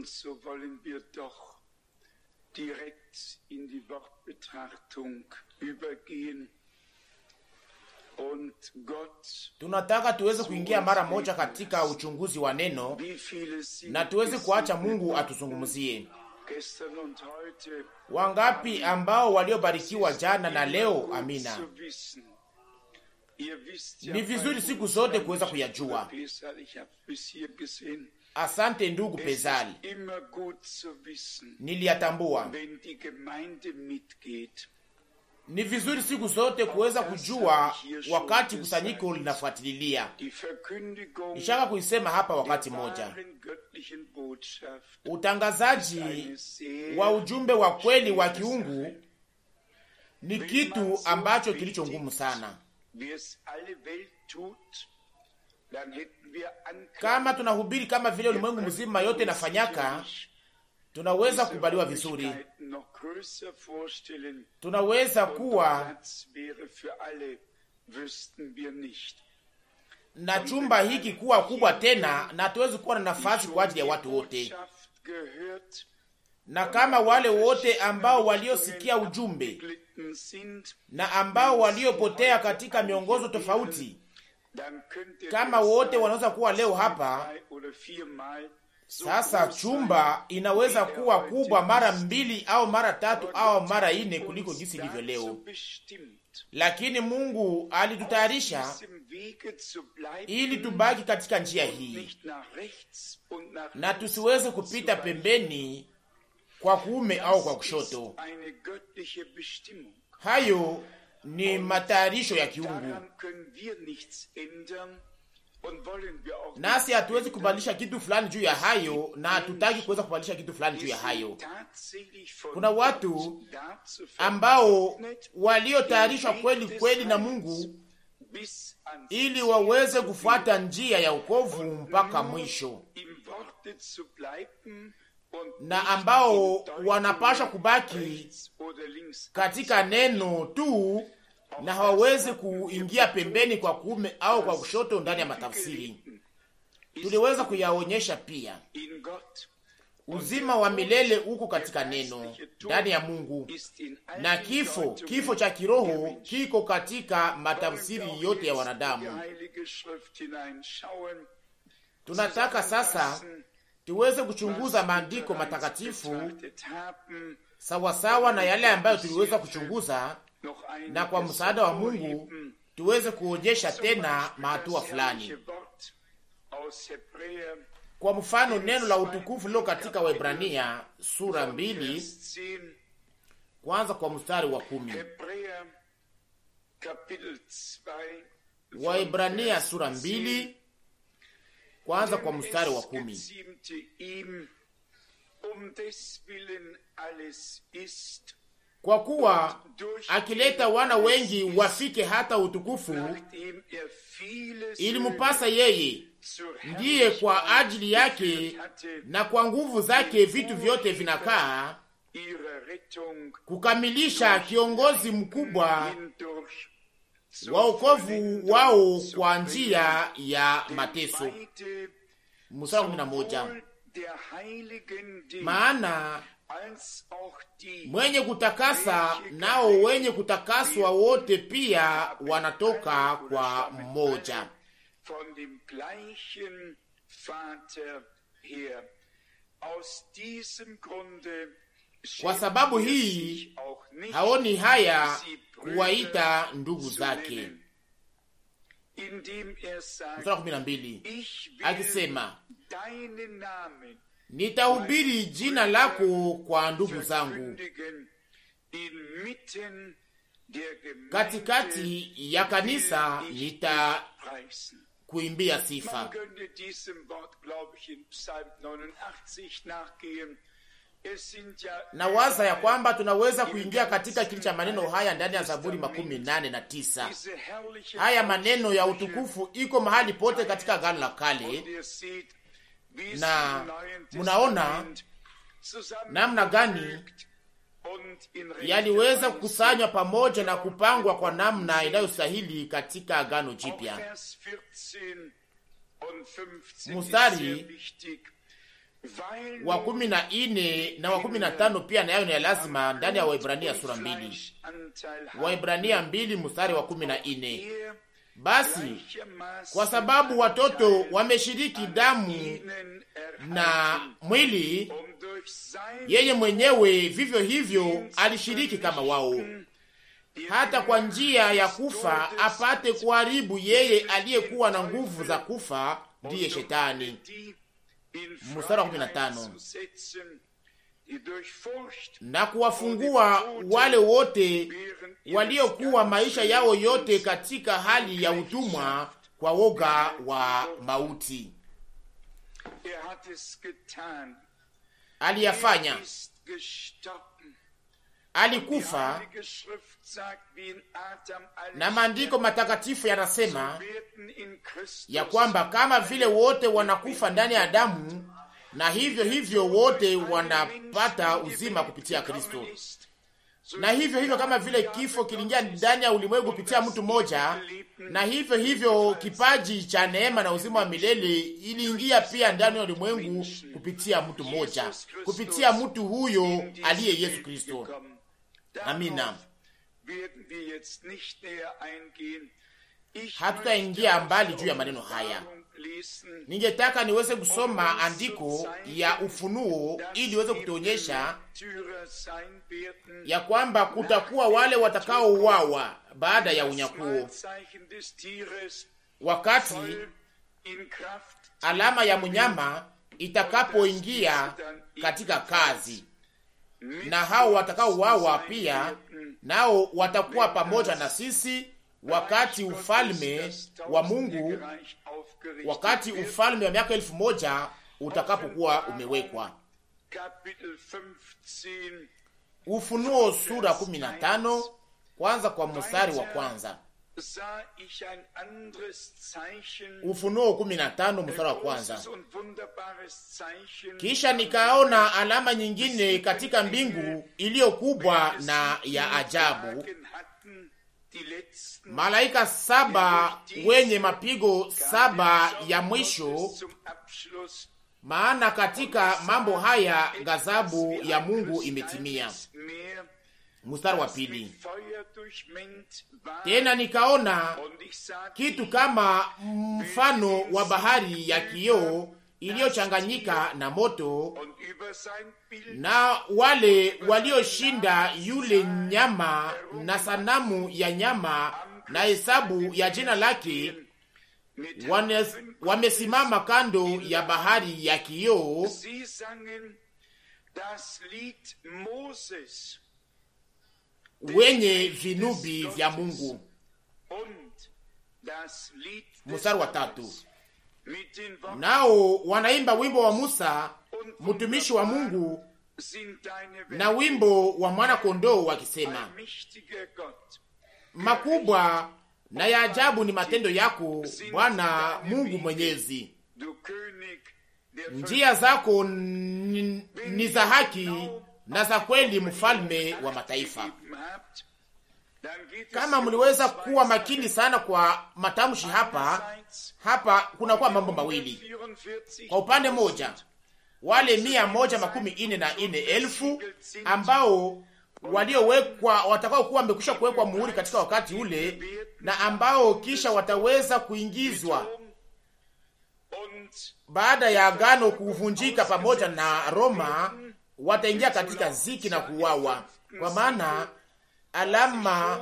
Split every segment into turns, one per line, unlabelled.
Und so wollen wir doch direkt in die Wortbetrachtung übergehen.
Tunataka tuweze kuingia mara moja katika uchunguzi wa neno na tuweze kuacha Mungu atuzungumzie. Wangapi ambao waliobarikiwa jana na leo? Amina. Ni vizuri siku zote kuweza kuyajua Asante ndugu Pezali, niliyatambua. Ni vizuri siku zote kuweza kujua wakati kusanyiko linafuatililia. Nishaka kuisema hapa wakati moja, utangazaji wa ujumbe wa kweli wa kiungu ni kitu ambacho kilicho ngumu sana kama tunahubiri kama vile ulimwengu mzima yote inafanyaka, tunaweza kubaliwa vizuri,
tunaweza kuwa
na chumba hiki kuwa kubwa tena, na tuwezi kuwa na nafasi kwa ajili ya watu wote, na kama wale wote ambao waliosikia ujumbe na ambao waliopotea katika miongozo tofauti kama wote wanaweza kuwa leo hapa sasa chumba inaweza er kuwa kubwa mara mbili au mara tatu au mara ine kuliko jinsi ilivyo leo, lakini Mungu alitutayarisha ili tubaki katika njia hii na tusiweze kupita pembeni kwa kuume au kwa kushoto. Hayo ni matayarisho ya kiungu, nasi hatuwezi kubadilisha kitu fulani juu ya hayo, na hatutaki kuweza kubadilisha kitu fulani juu ya hayo.
Kuna watu
ambao waliotayarishwa kweli kweli na Mungu ili waweze kufuata njia ya ukovu mpaka mwisho na ambao wanapasha kubaki katika neno tu na hawawezi kuingia pembeni kwa kuume au kwa kushoto ndani ya matafsiri. Tuliweza kuyaonyesha pia uzima wa milele uko katika neno ndani ya Mungu, na kifo kifo cha kiroho kiko katika matafsiri yote ya wanadamu. Tunataka sasa tuweze kuchunguza maandiko matakatifu sawasawa na yale ambayo tuliweza kuchunguza na kwa msaada wa Mungu tuweze kuonyesha tena mahatua fulani. Kwa mfano neno la utukufu lilo katika Waebrania sura mbili kwanza kwa mstari wa kumi. Waebrania sura mbili kwanza kwa mstari wa kumi. Um, kwa kuwa akileta wana wengi wafike hata utukufu, ilimupasa yeye ndiye kwa ajili yake na kwa nguvu zake vitu vyote vinakaa kukamilisha kiongozi mkubwa waokovu wao kwa njia ya mateso. kumi na moja
maana
mwenye kutakasa nao wenye kutakaswa wote pia wanatoka kwa mmoja. Kwa sababu er hii haoni haya kuwaita ndugu zake. Er Mstari kumi na mbili akisema Nitahubiri jina lako kwa ndugu zangu, katikati ya kanisa nitakuimbia sifa. Na waza ya kwamba tunaweza kuingia katika kile cha maneno haya ndani ya Zaburi makumi nane na tisa. Haya maneno ya utukufu iko mahali pote katika gano la Kale na mnaona namna gani yaliweza kukusanywa pamoja na kupangwa kwa namna inayostahili katika Agano Jipya.
mustari
wa kumi na nne na wa kumi na tano pia nayo ni ya lazima ndani ya Waibrania sura mbili, Waibrania mbili mustari wa kumi na nne basi kwa sababu watoto wameshiriki damu na mwili, yeye mwenyewe vivyo hivyo alishiriki kama wao, hata kwa njia ya kufa apate kuharibu yeye aliyekuwa na nguvu za kufa, ndiye Shetani. Mstari wa na kuwafungua wale wote waliokuwa maisha yao yote katika hali ya utumwa kwa woga wa mauti. Er Aliyafanya, er alikufa, na maandiko matakatifu yanasema ya kwamba kama vile wote wanakufa ndani ya Adamu, na hivyo hivyo wote wanapata uzima kupitia Kristo. Na hivyo hivyo kama vile kifo kiliingia ndani ya ulimwengu kupitia mtu mmoja, na hivyo hivyo kipaji cha neema na uzima wa milele iliingia pia ndani ya ulimwengu kupitia mtu mmoja, kupitia mtu huyo aliye Yesu Kristo. Amina. Hatutaingia mbali juu ya maneno haya. Ningetaka niweze kusoma andiko ya Ufunuo ili iweze kutuonyesha ya kwamba kutakuwa wale watakaouawa baada ya unyakuo, wakati alama ya mnyama itakapoingia katika kazi, na hao watakaouawa pia nao watakuwa pamoja na sisi wakati ufalme wa Mungu, wakati ufalme wa miaka elfu moja utakapokuwa umewekwa. Ufunuo sura 15 kwanza kwa mstari wa kwanza. Ufunuo 15 mstari wa kwanza. Kisha nikaona alama nyingine katika mbingu iliyo kubwa na ya ajabu malaika saba wenye mapigo saba ya mwisho. Maana katika mambo haya ghadhabu ya Mungu imetimia. Mstari wa pili, tena nikaona kitu kama mfano wa bahari ya kioo iliyochanganyika na moto, na wale walioshinda yule nyama na sanamu ya nyama na hesabu ya jina lake wamesimama kando ya bahari ya kioo wenye vinubi vya Mungu. Mstari wa tatu nao wanaimba wimbo wa Musa mtumishi wa Mungu na wimbo wa mwana kondoo wakisema, makubwa na ya ajabu ni matendo yako Bwana Mungu Mwenyezi, njia zako ni za haki na za kweli, mfalme wa mataifa. Kama mliweza kuwa makini sana kwa matamshi hapa hapa, kunakuwa mambo mawili kwa upande moja, wale mia moja makumi ine na ine elfu ambao waliowekwa watakao kuwa wamekwisha kuwekwa muhuri katika wakati ule, na ambao kisha wataweza kuingizwa baada ya agano kuvunjika pamoja na Roma, wataingia katika ziki na kuuawa, kwa maana alama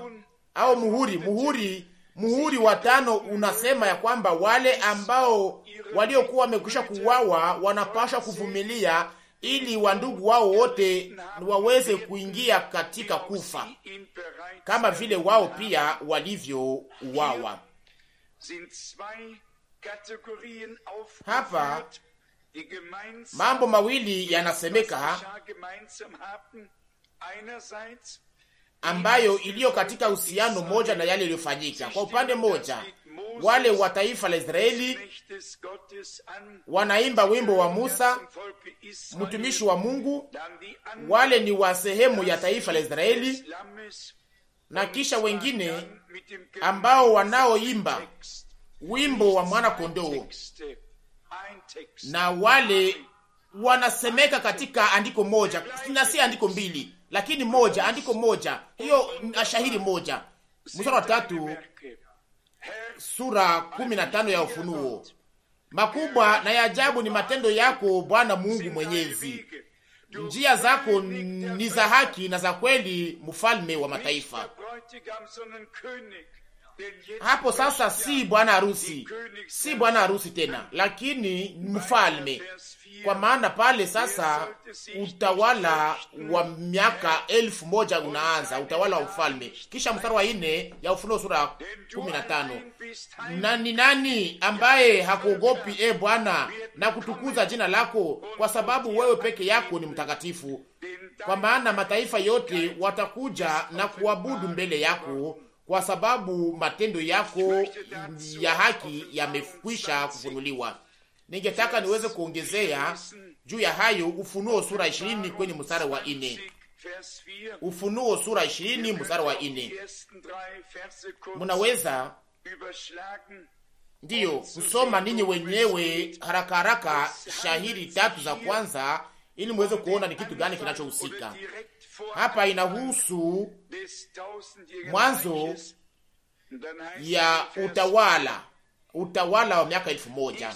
au muhuri, muhuri, muhuri wa tano unasema ya kwamba wale ambao waliokuwa wamekwisha kuuawa wanapasha kuvumilia ili wandugu wao wote waweze kuingia katika kufa kama vile wao pia walivyouawa. Hapa mambo mawili yanasemeka ambayo iliyo katika uhusiano moja na yale iliyofanyika. Kwa upande mmoja, wale wa taifa la Israeli wanaimba wimbo wa Musa mtumishi wa Mungu, wale ni wa sehemu ya taifa la Israeli, na kisha wengine ambao wanaoimba wimbo wa mwana kondoo, na wale wanasemeka katika andiko moja na si andiko mbili lakini moja andiko moja hiyo ashahiri moja mstari wa tatu sura kumi na tano ya Ufunuo. Makubwa na ya ajabu ni matendo yako Bwana Mungu Mwenyezi, njia zako ni za haki na za kweli, mfalme wa mataifa hapo sasa si bwana harusi, si bwana harusi tena, lakini mfalme, kwa maana pale sasa utawala wa miaka elfu moja unaanza utawala wa mfalme Kisha mstari wa nne ya Ufunuo sura kumi na tano na ni nani ambaye hakuogopi e Bwana na kutukuza jina lako, kwa sababu wewe peke yako ni mtakatifu, kwa maana mataifa yote watakuja na kuabudu mbele yako kwa sababu matendo yako ya haki yamekwisha kufunuliwa. Ningetaka niweze kuongezea juu ya hayo Ufunuo sura 20 kwenye mstari wa ine. Ufunuo sura 20 mstari wa ine, munaweza ndiyo kusoma ninyi wenyewe haraka haraka shahiri tatu za kwanza, ili muweze kuona ni kitu gani kinachohusika. Hapa inahusu
mwanzo ya
utawala utawala wa miaka elfu moja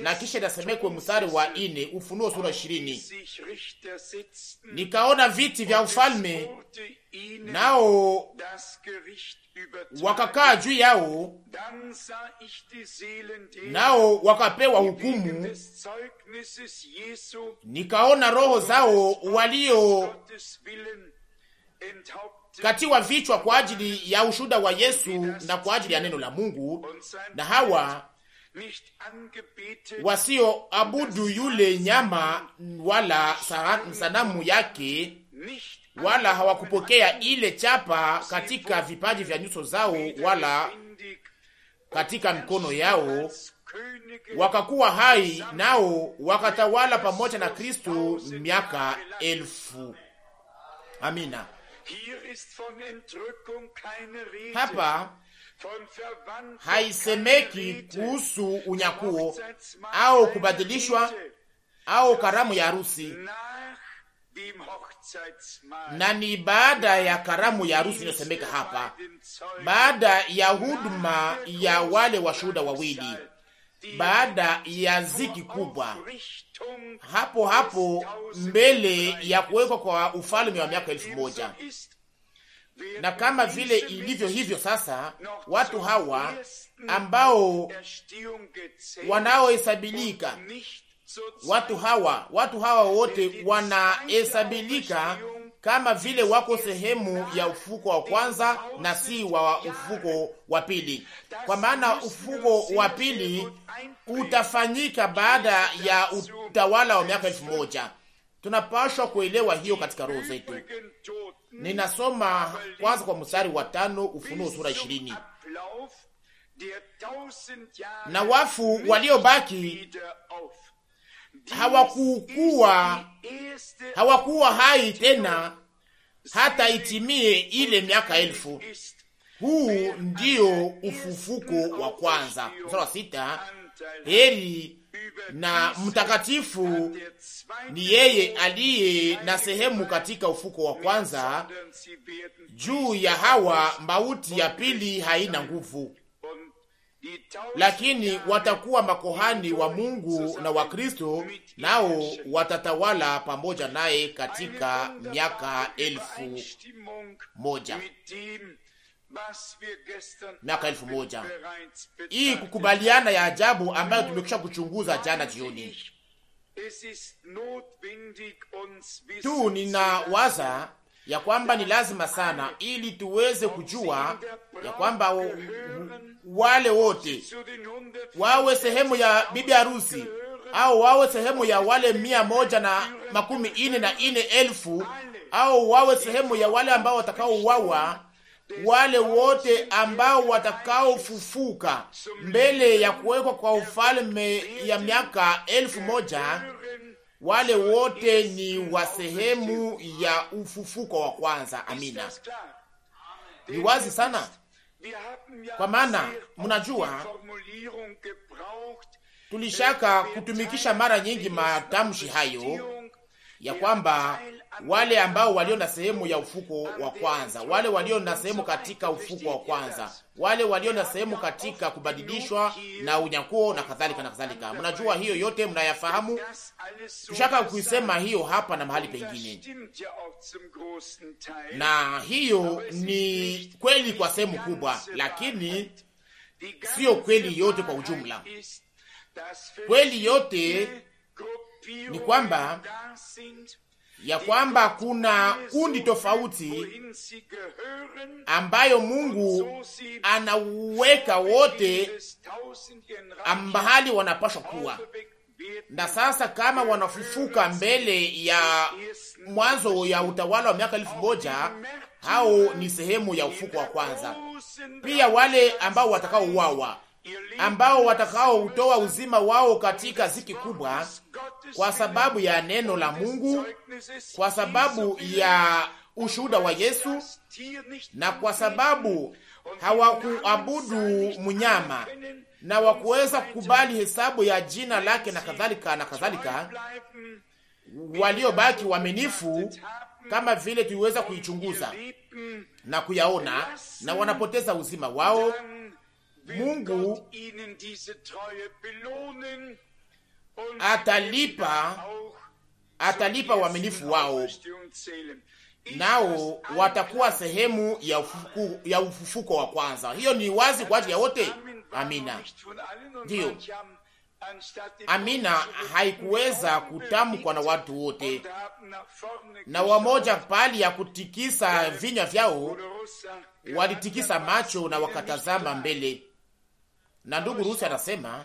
na kisha inasemekwe mstari wa ine Ufunuo sura ishirini nikaona viti vya ufalme nao wakakaa juu yao,
nao wakapewa hukumu.
Nikaona roho zao walio katiwa vichwa kwa ajili ya ushuda wa Yesu na kwa ajili ya neno la Mungu, na hawa wasioabudu yule nyama wala sanamu yake wala hawakupokea ile chapa katika vipaji vya nyuso zao wala katika mikono yao, wakakuwa hai nao wakatawala pamoja na Kristo miaka elfu. Amina. Hapa haisemeki kuhusu unyakuo au kubadilishwa au karamu ya harusi na ni baada ya karamu ya harusi inayosemeka hapa, baada ya huduma ya wale washuhuda wawili, baada ya ziki kubwa, hapo hapo mbele ya kuwekwa kwa ufalme wa miaka elfu moja na kama vile ilivyo hivyo sasa, watu hawa ambao wanaohesabilika Watu hawa watu hawa wote wanahesabilika kama vile wako sehemu ya ufuko wa kwanza na si wa ufuko wa pili, kwa maana ufuko wa pili utafanyika baada ya utawala wa miaka elfu moja. Tunapashwa kuelewa hiyo katika roho zetu. Hmm. Ninasoma kwanza kwa mstari wa tano Ufunuo sura ishirini na wafu waliobaki hawakukuwa hawakuwa hai tena hata itimie ile miaka elfu. Huu ndio ufufuko wa kwanza. Mstari wa sita, heri na mtakatifu ni yeye aliye na sehemu katika ufuko wa kwanza. Juu ya hawa mauti ya pili haina nguvu lakini watakuwa makohani wa Mungu na wa Kristo, nao watatawala pamoja naye katika miaka elfu moja miaka elfu moja. Hii kukubaliana ya ajabu ambayo tumekwisha kuchunguza jana jioni tu, ninawaza ya kwamba ni lazima sana ili tuweze kujua ya kwamba wale wote wawe sehemu ya bibi harusi au wawe sehemu ya wale mia moja na makumi ine na ine elfu au wawe sehemu ya wale ambao watakaouawa, wale wote ambao watakaofufuka mbele ya kuwekwa kwa ufalme ya miaka elfu moja wale wote ni wa sehemu ya ufufuko wa kwanza. Amina, ni wazi sana, kwa maana mnajua tulishaka kutumikisha mara nyingi matamshi hayo ya kwamba wale ambao walio na sehemu ya ufuko wa kwanza, wale walio na sehemu katika ufuko wa kwanza, wale walio na sehemu katika kubadilishwa na unyakuo na kadhalika na kadhalika. Mnajua hiyo yote, mnayafahamu.
Tushaka kuisema
hiyo hapa na mahali pengine, na hiyo ni kweli kwa sehemu kubwa, lakini sio kweli yote kwa ujumla. Kweli yote ni kwamba ya kwamba kuna kundi tofauti ambayo Mungu anaweka wote ambahali wanapashwa kuwa na sasa kama wanafufuka mbele ya mwanzo ya utawala wa miaka elfu moja hao ni sehemu ya ufuko wa kwanza. Pia wale ambao watakaouawa ambao watakao utoa uzima wao katika ziki kubwa, kwa sababu ya neno la Mungu, kwa sababu ya ushuhuda wa Yesu na kwa sababu hawakuabudu mnyama na wakuweza kukubali hesabu ya jina lake na kadhalika na kadhalika. Waliobaki waaminifu kama vile tuliweza kuichunguza na kuyaona, na wanapoteza uzima wao Mungu atalipa, atalipa uaminifu wao, nao watakuwa sehemu ya ufufuko, ya ufufuko wa kwanza. Hiyo ni wazi kwa ajili ya wote. Amina, ndiyo. Amina haikuweza um kutamkwa na watu wote, na wamoja pali ya kutikisa äh, vinywa vyao walitikisa macho na wakatazama mbele na ndugu Rusi anasema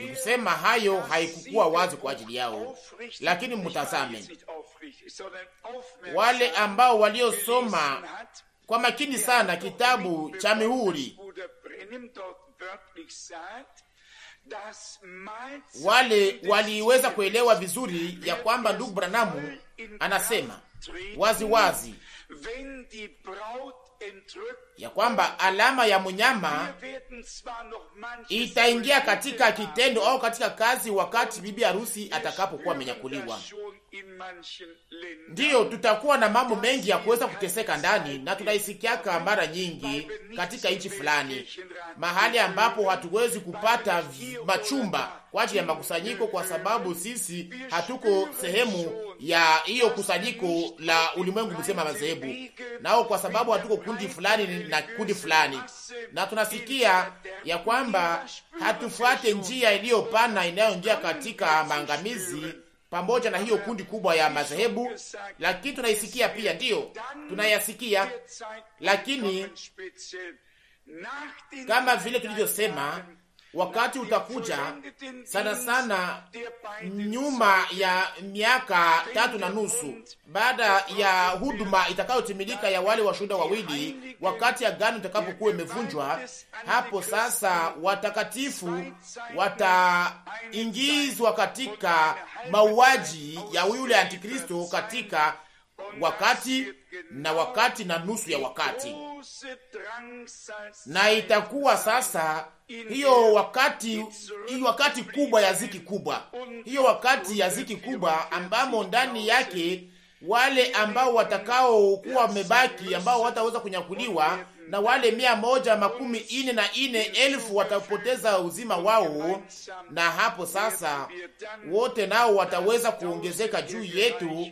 nikusema hayo haikukuwa wazi kwa ajili yao, lakini mtazame wale ambao waliosoma kwa makini sana kitabu cha mihuri, wale waliweza kuelewa vizuri ya kwamba ndugu Branamu
anasema waziwazi wazi ya kwamba
alama ya mnyama
itaingia
katika kitendo au katika kazi wakati bibi harusi atakapokuwa amenyakuliwa. Ndiyo, tutakuwa na mambo mengi ya kuweza kuteseka ndani, na tunaisikiaka mara nyingi katika nchi fulani, mahali ambapo hatuwezi kupata machumba kwa ajili ya makusanyiko, kwa sababu sisi hatuko sehemu ya hiyo kusanyiko la ulimwengu mzima madhehebu, nao kwa sababu hatuko kundi fulani na kundi fulani, na tunasikia ya kwamba hatufuate njia iliyopana inayoingia katika maangamizi pamoja na hiyo kundi kubwa ya madhehebu, lakini tunaisikia pia, ndiyo tunayasikia, lakini kama vile tulivyosema wakati utakuja sana sana nyuma ya miaka tatu na nusu baada ya huduma itakayotimilika ya wale washuhuda wawili, wakati agano itakapokuwa imevunjwa. Hapo sasa watakatifu wataingizwa katika mauaji ya yule Antikristo katika wakati na wakati na nusu ya wakati na itakuwa sasa hiyo wakati, hiyo wakati kubwa ya ziki kubwa, hiyo wakati ya ziki kubwa ambamo ndani yake wale ambao watakao kuwa wamebaki ambao wataweza kunyakuliwa na wale mia moja makumi ine na ine elfu watapoteza uzima wao, na hapo sasa wote nao wataweza kuongezeka juu yetu,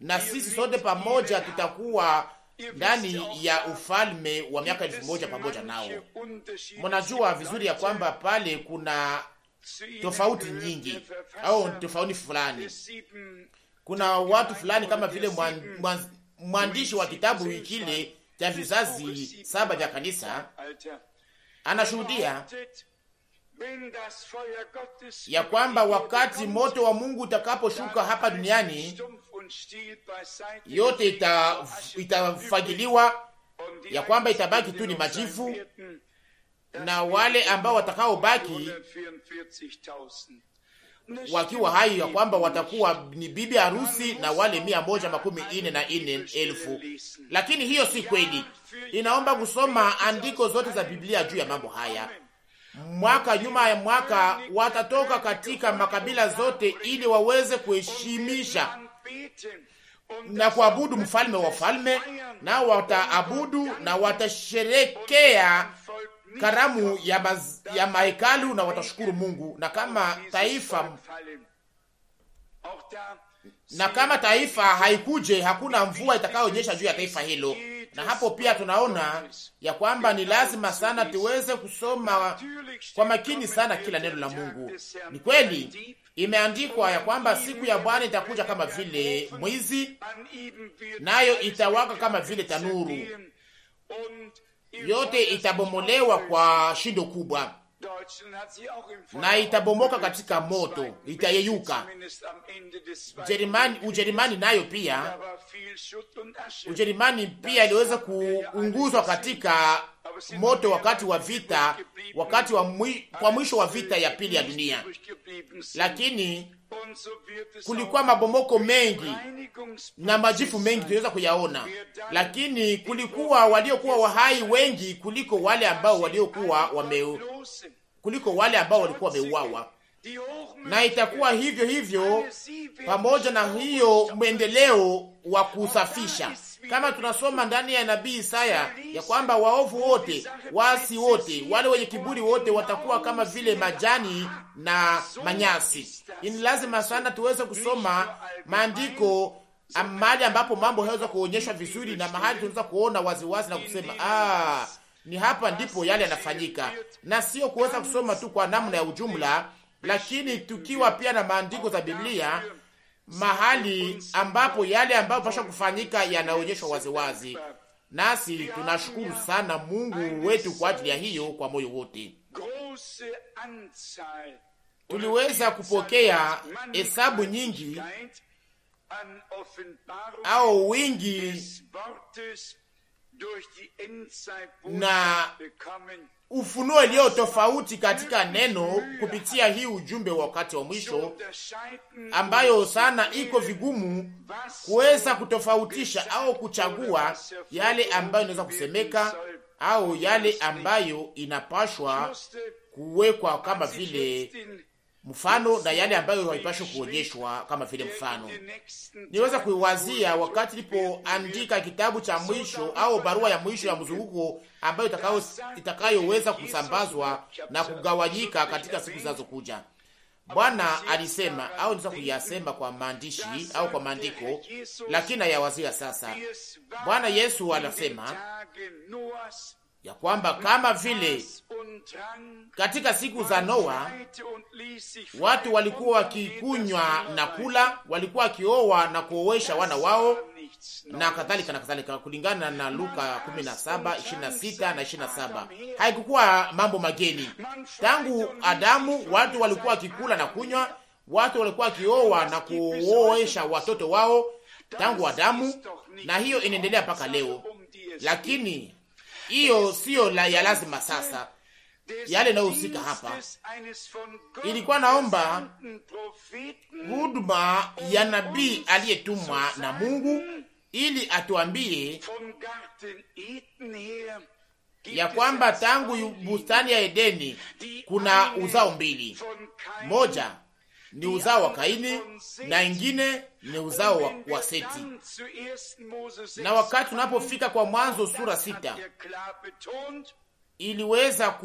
na sisi sote pamoja tutakuwa ndani ya ufalme wa miaka elfu moja pamoja nao. Mnajua vizuri ya kwamba pale kuna tofauti nyingi au tofauti fulani. Kuna watu fulani kama vile mwandishi wa kitabu kile cha vizazi saba vya kanisa anashuhudia ya kwamba wakati moto wa Mungu utakaposhuka hapa duniani, yote ita, itafagiliwa, ya kwamba itabaki tu ni majivu, na wale ambao watakaobaki wakiwa hai ya kwamba watakuwa ni bibi harusi na wale mia moja makumi ine na ine elfu. Lakini hiyo si kweli. Inaomba kusoma andiko zote za Biblia juu ya mambo haya mwaka nyuma ya mwaka, watatoka katika makabila zote ili waweze kuheshimisha na kuabudu mfalme wa falme, na wataabudu na watasherekea karamu ya, maz, ya mahekalu na watashukuru Mungu. Na kama taifa na kama taifa haikuje, hakuna mvua itakayoonyesha juu ya taifa hilo. Na hapo pia tunaona ya kwamba ni lazima sana tuweze kusoma kwa makini sana kila neno la Mungu. Ni kweli imeandikwa ya kwamba siku ya Bwana itakuja kama vile mwizi, nayo itawaka kama vile tanuru, yote itabomolewa kwa shindo kubwa na itabomoka katika moto, itayeyuka. Ujerumani, nayo pia, Ujerumani pia iliweza kuunguzwa katika moto wakati wa vita, wakati wa mwi, kwa mwisho wa vita ya pili ya dunia, lakini kulikuwa mabomoko mengi na majifu mengi, tunaweza kuyaona, lakini kulikuwa waliokuwa wahai wengi kuliko wale ambao waliokuwa wame kuliko wale ambao walikuwa wameuawa, na itakuwa hivyo hivyo pamoja na hiyo mwendeleo wa kusafisha kama tunasoma ndani ya nabii Isaya ya kwamba waovu wote, waasi wote, wale wenye kiburi wote watakuwa kama vile majani na manyasi. Ni lazima sana tuweze kusoma maandiko mahali ambapo mambo hayaweza kuonyeshwa vizuri na mahali tunaweza kuona waziwazi na kusema ah, ni hapa ndipo yale yanafanyika, na sio kuweza kusoma tu kwa namna ya ujumla, lakini tukiwa pia na maandiko za Biblia mahali ambapo yale ambayo pasha kufanyika yanaonyeshwa waziwazi, nasi tunashukuru sana Mungu wetu kwa ajili ya hiyo kwa moyo wote. Tuliweza kupokea hesabu nyingi au wingi na ufunuo iliyo tofauti katika neno kupitia hii ujumbe wa wakati wa mwisho, ambayo sana iko vigumu kuweza kutofautisha au kuchagua yale ambayo inaweza kusemeka au yale ambayo inapashwa kuwekwa kama vile mfano na yale ambayo haipashwa kuonyeshwa kama vile mfano. Niweza kuiwazia wakati nilipoandika kitabu cha mwisho au barua ya mwisho ya mzunguko ambayo itakayoweza kusambazwa na kugawanyika katika siku zinazokuja. Bwana alisema au niweza kuyasema kwa maandishi au kwa maandiko, lakini nayawazia sasa. Bwana Yesu anasema ya kwamba kama vile katika siku za Noa watu walikuwa wakikunywa na kula, walikuwa wakioa na kuowesha wana wao na kadhalika na kadhalika, kulingana na Luka 17 26 na 27. Haikukuwa mambo mageni tangu Adamu, watu walikuwa wakikula na kunywa, watu walikuwa wakioa na kuoesha watoto wao tangu Adamu, na hiyo inaendelea mpaka leo, lakini hiyo siyo la ya lazima sasa
yale inayohusika hapa ilikuwa naomba
huduma ya nabii aliyetumwa na Mungu ili atuambie ya kwamba tangu bustani ya Edeni kuna uzao mbili, moja ni uzao wa Kaini na ingine ni uzao wa, wa Seti. Na wakati tunapofika kwa Mwanzo sura sita
er
iliweza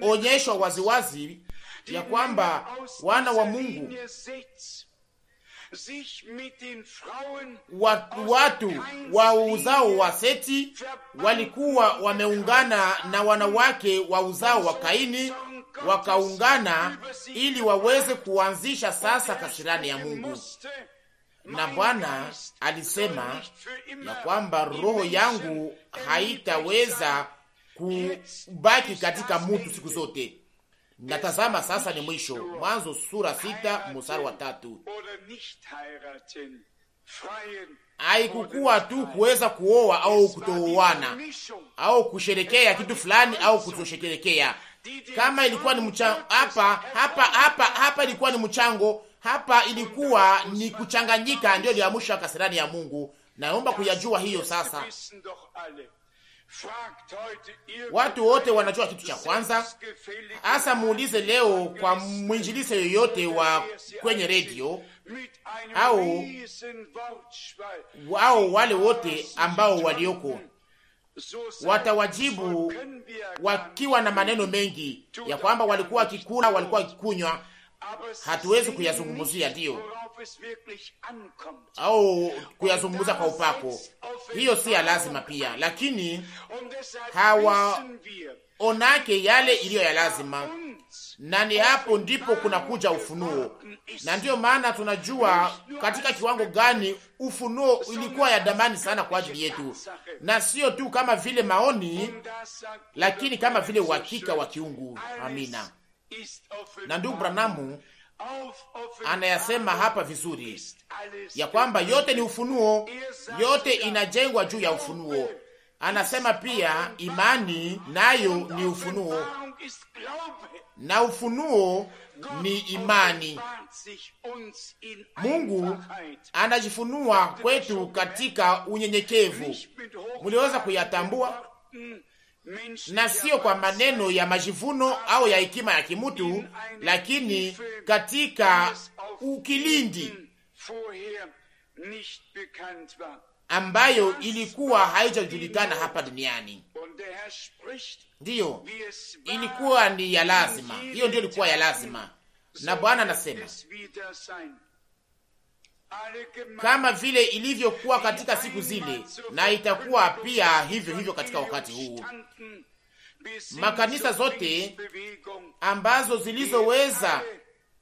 kuonyeshwa waziwazi
ya kwamba wana wa Mungu
watu, watu wa uzao wa Seti walikuwa wameungana na wanawake wa uzao wa Kaini wakaungana ili waweze kuanzisha sasa kasirani ya Mungu. Na Bwana alisema ya kwamba roho yangu haitaweza kubaki katika mutu siku zote. Natazama sasa ni mwisho. Mwanzo sura sita mstari wa tatu. Haikukuwa tu kuweza kuoa au kutooana au kusherekea kitu fulani au kutosherekea. Kama ilikuwa ni mchango hapa hapa hapa hapa, ilikuwa ni mchango hapa, ilikuwa ni kuchanganyika, ndio iliamsha kasirani ya Mungu. Naomba kuyajua hiyo sasa. Watu wote wanajua kitu cha kwanza, hasa muulize leo kwa mwinjilisi yoyote wa kwenye redio au, au wale wote ambao walioko watawajibu wakiwa na maneno mengi ya kwamba walikuwa wakikula, walikuwa wakikunywa. Hatuwezi kuyazungumzia, ndiyo au kuyazungumza kwa upako, hiyo si ya lazima pia, lakini
hawaonake
yale iliyo ya lazima, na ni hapo ndipo kunakuja ufunuo. Na ndiyo maana tunajua katika kiwango gani ufunuo ilikuwa ya damani sana kwa ajili yetu, na sio tu kama vile maoni, lakini kama vile uhakika wa kiungu. Amina. Na ndugu Branamu anayasema hapa vizuri ya kwamba yote ni ufunuo, yote inajengwa juu ya ufunuo. Anasema pia imani nayo ni ufunuo, na ufunuo ni imani. Mungu anajifunua kwetu katika unyenyekevu. Muliweza kuyatambua na sio kwa maneno ya majivuno au ya hekima ya kimutu, lakini katika ukilindi ambayo ilikuwa haijajulikana hapa duniani. Ndiyo ilikuwa ni ya lazima, hiyo ndio ilikuwa ya lazima, na Bwana anasema
kama vile
ilivyokuwa katika siku zile, na itakuwa pia hivyo hivyo katika wakati huu. Makanisa zote ambazo zilizoweza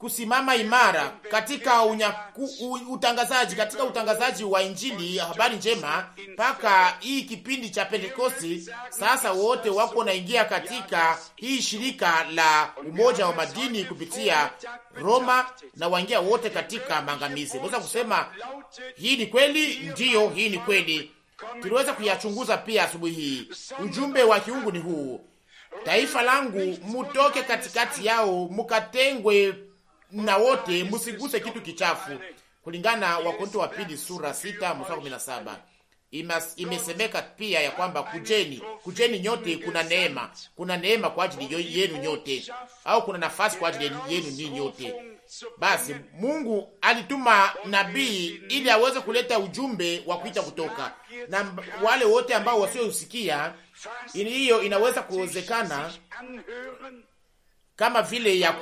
kusimama imara katika unyaku, utangazaji katika utangazaji wa Injili habari njema mpaka hii kipindi cha Pentekosti. Sasa wote wako naingia katika hii shirika la umoja wa madini kupitia Roma na waingia wote katika maangamizi. Naweza kusema hii ni kweli? Ndiyo, hii ni kweli. Tuliweza kuyachunguza pia asubuhi hii. Ujumbe wa kiungu ni huu: taifa langu, mutoke katikati yao, mukatengwe na wote msiguse kitu kichafu, kulingana Wakorinto wa pili sura sita mstari kumi na saba. Imesemeka pia ya kwamba kujeni, kujeni nyote, kuna neema, kuna neema kwa ajili yenu nyote, au kuna nafasi kwa ajili yenu ni nyote. Basi Mungu alituma nabii ili aweze kuleta ujumbe wa kuita kutoka, na wale wote ambao wasiosikia, hiyo inaweza kuwezekana kama vile ya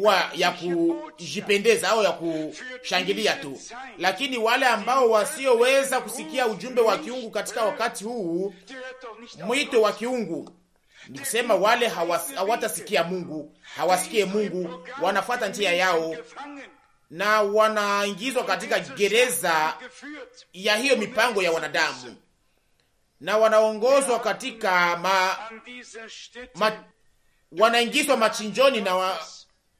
wa, ya kujipendeza au ya kushangilia tu, lakini wale ambao wasioweza kusikia ujumbe wa kiungu katika wakati huu, mwito wa kiungu ni kusema wale hawatasikia Mungu, hawasikie Mungu, wanafuata njia yao na wanaingizwa katika gereza ya hiyo mipango ya wanadamu na wanaongozwa katika ma, ma, wanaingizwa machinjoni na, wa,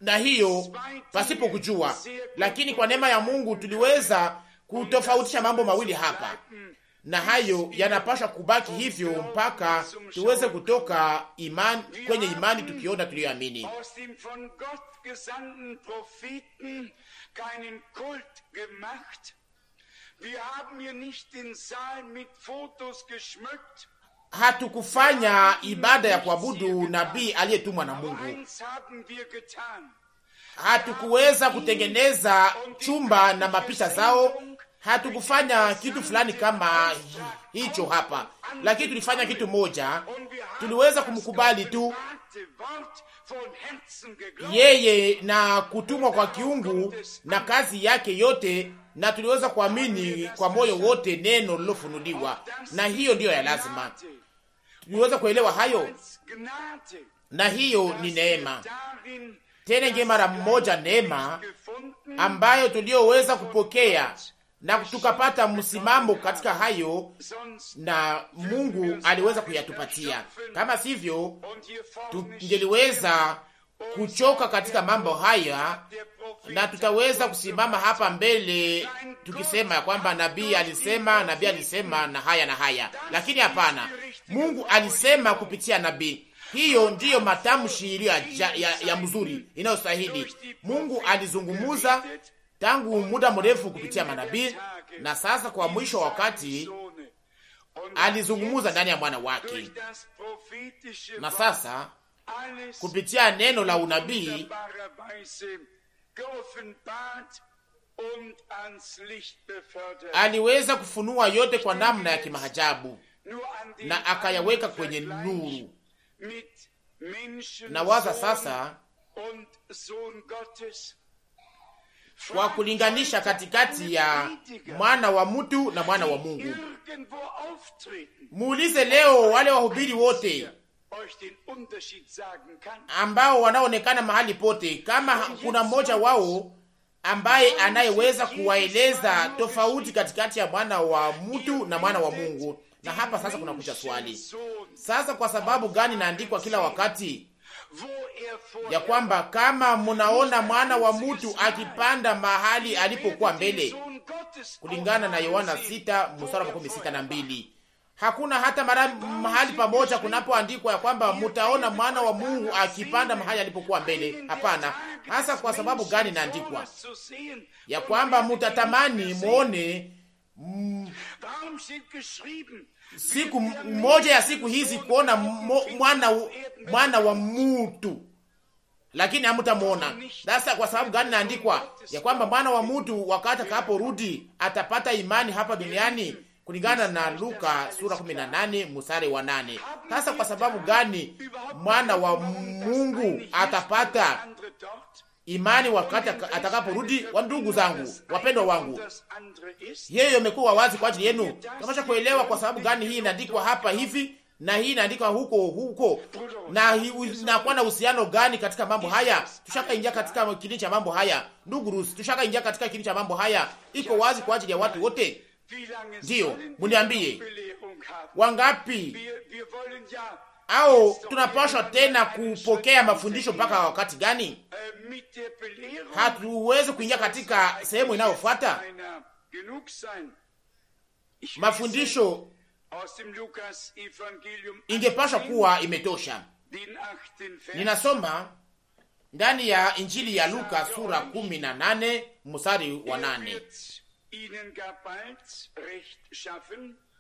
na hiyo pasipo kujua, lakini kwa neema ya Mungu tuliweza kutofautisha mambo mawili hapa, na hayo yanapaswa kubaki hivyo mpaka tuweze kutoka imani, kwenye imani tukiona tuliyoamini hatukufanya ibada ya kuabudu nabii aliyetumwa na Mungu. Hatukuweza kutengeneza chumba na mapisha zao, hatukufanya kitu fulani kama hicho hapa, lakini tulifanya kitu moja, tuliweza kumkubali tu yeye na kutumwa kwa kiungu na kazi yake yote, na tuliweza kuamini kwa moyo wote neno lilofunuliwa, na hiyo ndiyo ya lazima niweze kuelewa hayo, na hiyo ni neema tena ingie mara mmoja neema ambayo tuliyoweza kupokea na tukapata msimamo katika hayo, na Mungu aliweza kuyatupatia. Kama sivyo, tungeliweza kuchoka katika mambo haya, na tutaweza kusimama hapa mbele tukisema ya kwamba nabii alisema, nabii alisema na haya na haya, lakini hapana, Mungu alisema kupitia nabii. Hiyo ndiyo matamshi iliyo ya, ya, ya mzuri inayostahili. Mungu alizungumuza tangu muda mrefu kupitia manabii, na sasa kwa mwisho wa wakati alizungumuza ndani ya mwana wake, na sasa kupitia neno la unabii aliweza kufunua yote kwa namna ya kimahajabu na akayaweka kwenye nuru. Na waza sasa kwa kulinganisha katikati ya mwana wa mtu na mwana wa Mungu.
Muulize leo wale
wahubiri wote ambao wanaonekana mahali pote, kama kuna mmoja wao ambaye anayeweza kuwaeleza tofauti katikati ya mwana wa mtu na mwana wa Mungu. Na hapa sasa kuna kucha swali sasa, kwa sababu gani naandikwa kila wakati ya kwamba kama munaona mwana wa mtu akipanda mahali alipokuwa mbele, kulingana na Yohana 6 mstari wa Hakuna hata mara mahali pamoja kunapoandikwa ya kwamba mutaona mwana wa Mungu akipanda mahali alipokuwa mbele. Hapana. Hasa kwa sababu gani naandikwa ya kwamba mutatamani muone m... Mm, siku moja ya siku hizi kuona mwana, mwana wa mutu, lakini hamutamuona. Sasa kwa sababu gani naandikwa ya kwamba mwana wa mutu wakati atakaporudi atapata imani hapa duniani kulingana na Luka sura 18 mstari wa nane. Sasa kwa sababu gani mwana wa Mungu atapata imani wakati atakaporudi? Wa ndugu zangu wapendwa wangu, yeye amekuwa wazi kwa ajili yenu. Tunapaswa kuelewa kwa sababu gani hii inaandikwa hapa hivi na hii inaandikwa huko huko, na inakuwa na uhusiano gani katika mambo haya? Tushaka ingia katika kidini cha mambo haya, ndugu Rusi, tushaka ingia katika kidini cha mambo haya, iko wazi kwa ajili ya watu wote. Ndiyo, muniambie wangapi au tunapashwa tena kupokea mafundisho mpaka wakati gani? Eh, Hatuwezi kuingia katika sehemu inayofuata mafundisho. Ingepashwa kuwa imetosha. Ninasoma ndani ya Injili ya Luka sura kumi na nane mstari wa nane.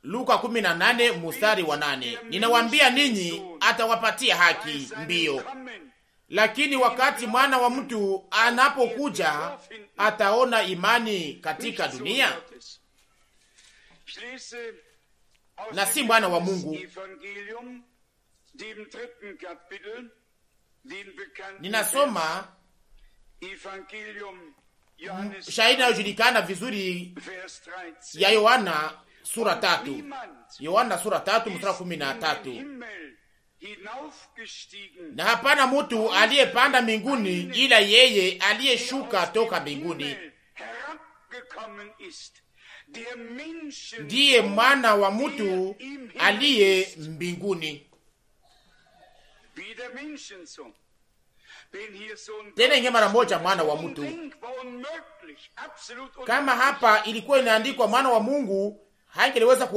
Luka 18 mstari wa nane, ninawaambia ninyi atawapatia haki mbio, lakini wakati mwana wa mtu anapokuja ataona imani katika dunia?
Uh, na si mwana wa Mungu.
Ninasoma shahidi inayojulikana vizuri ya Yohana sura tatu, Yohana sura tatu mstari kumi na tatu na hapana mutu aliyepanda mbinguni ila yeye aliyeshuka toka mbinguni, ndiye mwana wa mutu aliye mbinguni
tena inge mara moja mwana wa mtu. Kama hapa
ilikuwa inaandikwa mwana wa Mungu, hangeliweza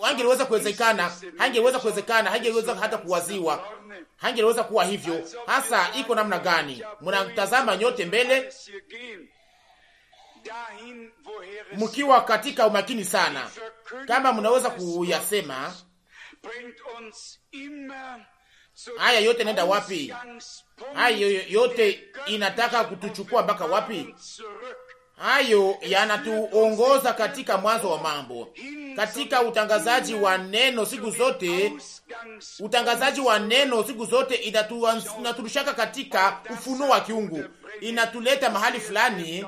hangeliweza kuwezekana, hangeliweza kuwezekana, hangeliweza hata kuwaziwa, hangeliweza kuwa hivyo. Hasa iko namna gani? Mnatazama nyote mbele mkiwa katika umakini sana,
kama mnaweza
kuyasema
Haya yote nenda wapi? Haya yote inataka
kutuchukua mpaka wapi? Hayo yanatuongoza katika mwanzo wa mambo, katika utangazaji wa neno siku zote. Utangazaji wa neno siku zote inaturudishaka katika ufunuo wa kiungu, inatuleta mahali fulani.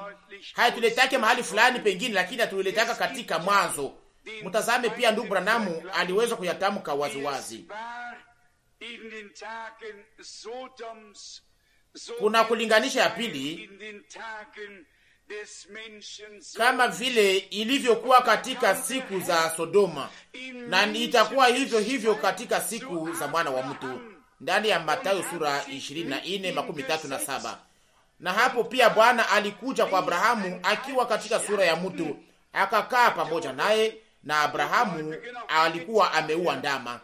Haituletake mahali fulani pengine, lakini atuletaka katika mwanzo. Mtazame pia ndugu Branamu aliweza kuyatamka waziwazi kuna kulinganisha ya pili kama vile ilivyokuwa katika siku za Sodoma, na itakuwa hivyo hivyo katika siku za mwana wa mtu, ndani ya Mathayo sura 24 makumi tatu na saba. Na hapo pia Bwana alikuja kwa Abrahamu akiwa katika sura ya mtu, akakaa pamoja naye, na Abrahamu alikuwa ameua ndama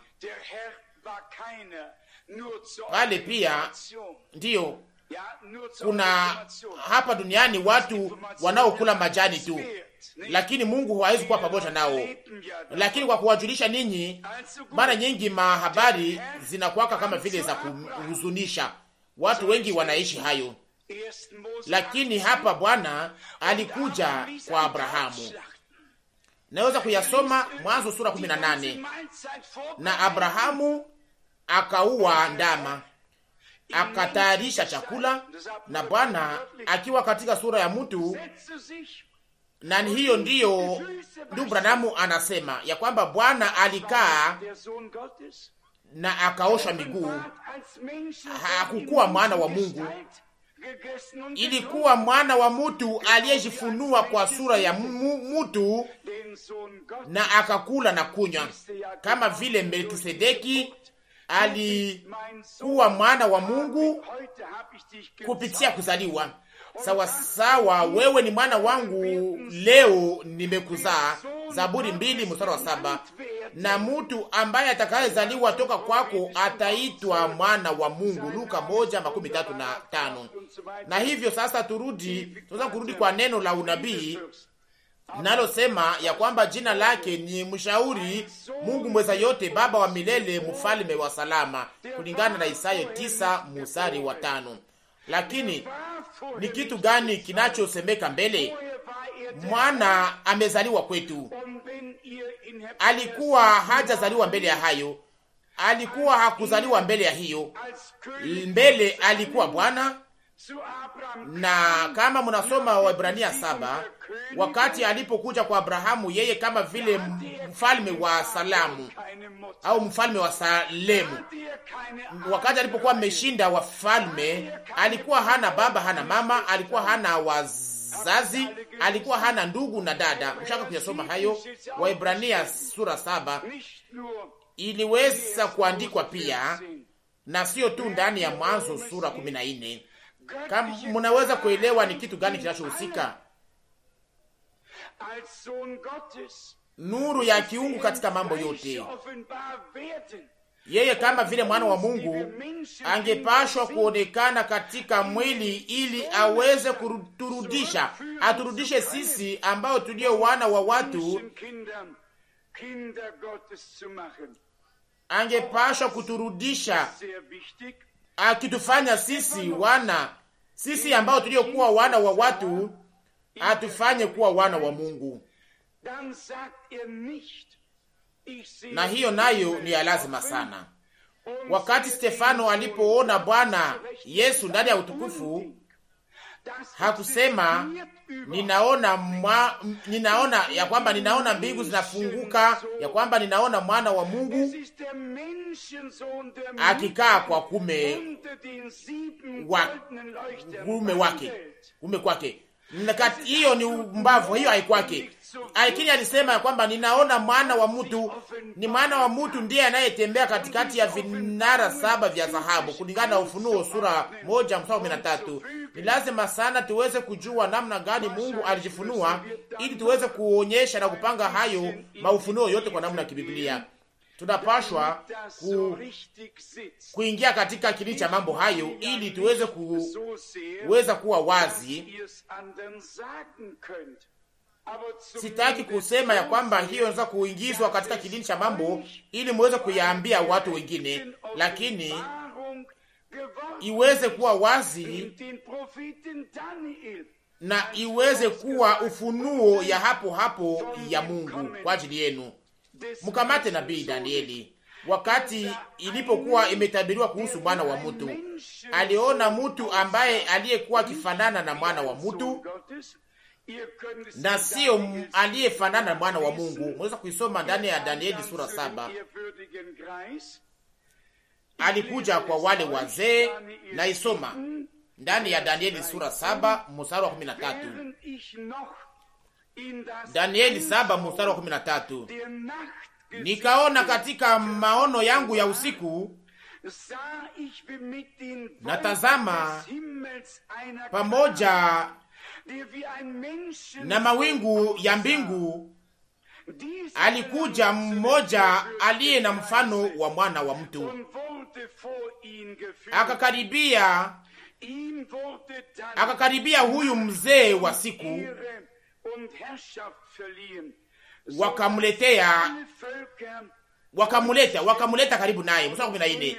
pale pia ndiyo kuna hapa duniani watu wanaokula majani tu, lakini Mungu hawezi kuwa pamoja nao. Lakini kwa kuwajulisha ninyi, mara nyingi mahabari zinakuwaka kama vile za kuhuzunisha. Watu wengi wanaishi hayo,
lakini hapa
Bwana alikuja kwa Abrahamu. Naweza kuyasoma Mwanzo sura 18 na Abrahamu akaua ndama, akatayarisha chakula, na Bwana akiwa katika sura ya mtu. Na hiyo ndiyo ndugu Branamu anasema ya kwamba Bwana alikaa na akaosha miguu.
Hakukuwa mwana wa Mungu, ilikuwa
mwana wa mtu aliyejifunua kwa sura ya mtu, na akakula na kunywa kama vile Melkisedeki alikuwa mwana wa Mungu kupitia kuzaliwa. Sawa sawa, wewe ni mwana wangu, leo nimekuzaa. Zaburi mbili mstari wa saba. Na mtu ambaye atakayezaliwa toka kwako ataitwa mwana wa Mungu, Luka moja makumi tatu na tano. Na hivyo sasa turudi, tunaweza kurudi kwa neno la unabii nalosema ya kwamba jina lake ni mshauri, Mungu mweza yote, baba wa milele, mfalme wa salama, kulingana na Isaya tisa musari wa tano. Lakini ni kitu gani kinachosemeka mbele? Mwana amezaliwa kwetu, alikuwa hajazaliwa mbele ya hayo, alikuwa hakuzaliwa mbele ya hiyo, mbele alikuwa Bwana na kama mnasoma Waebrania saba, wakati alipokuja kwa Abrahamu, yeye kama vile mfalme wa Salamu au mfalme wa Salemu, wakati alipokuwa ameshinda wafalme, alikuwa hana baba, hana mama, alikuwa hana wazazi, alikuwa hana ndugu na dada. Mshaka kuyasoma hayo, Waebrania sura saba iliweza kuandikwa pia na sio tu ndani ya Mwanzo sura kumi na nne
kama mnaweza
kuelewa ni kitu gani kinachohusika nuru ya kiungu katika mambo yote. Yeye kama vile mwana wa Mungu angepashwa kuonekana katika mwili ili aweze kuturudisha, aturudishe sisi ambao tulio wana wa watu, angepashwa kuturudisha akitufanya sisi wana, sisi ambao tuliokuwa wana wa watu, atufanye kuwa wana wa Mungu,
na hiyo nayo ni ya
lazima sana. Wakati Stefano alipoona Bwana Yesu ndani ya utukufu hakusema ninaona mwa, ninaona ya kwamba ninaona mbingu zinafunguka, ya kwamba ninaona mwana wa Mungu akikaa kwa kume wa,
kume wake
kume kwake. Hiyo ni umbavu, hiyo haikwake, lakini alisema ya kwamba ninaona mwana wa mtu. Ni mwana wa mtu ndiye anayetembea katikati ya vinara saba vya dhahabu, kulingana na Ufunuo sura moja mstari kumi na tatu. Ni lazima sana tuweze kujua namna gani Mungu alijifunua ili tuweze kuonyesha na kupanga hayo maufunuo yote kwa namna ya kibiblia. Tunapashwa ku, kuingia katika kilii cha mambo hayo ili tuweze kuweza kuwa wazi. Sitaki kusema ya kwamba hiyo inaweza kuingizwa katika kilini cha mambo ili muweze kuyaambia watu wengine, lakini iweze kuwa wazi na iweze kuwa ufunuo ya hapo hapo ya Mungu kwa ajili yenu. Mkamate nabii Danieli wakati ilipokuwa imetabiriwa kuhusu mwana wa mtu, aliona mtu ambaye aliyekuwa akifanana na mwana wa mtu na sio aliyefanana na mwana wa Mungu. Mweza kuisoma ndani ya Danieli sura saba alikuja kwa wale wazee na isoma ndani ya Danieli sura saba mstari wa kumi na tatu. Danieli saba mstari wa kumi na tatu. Nikaona katika maono yangu ya usiku
natazama pamoja na mawingu
ya mbingu alikuja mmoja aliye na mfano wa mwana wa mtu, akakaribia akakaribia huyu mzee wa siku, wakamletea wakamuleta wakamuleta karibu naye. Mstari kumi na nne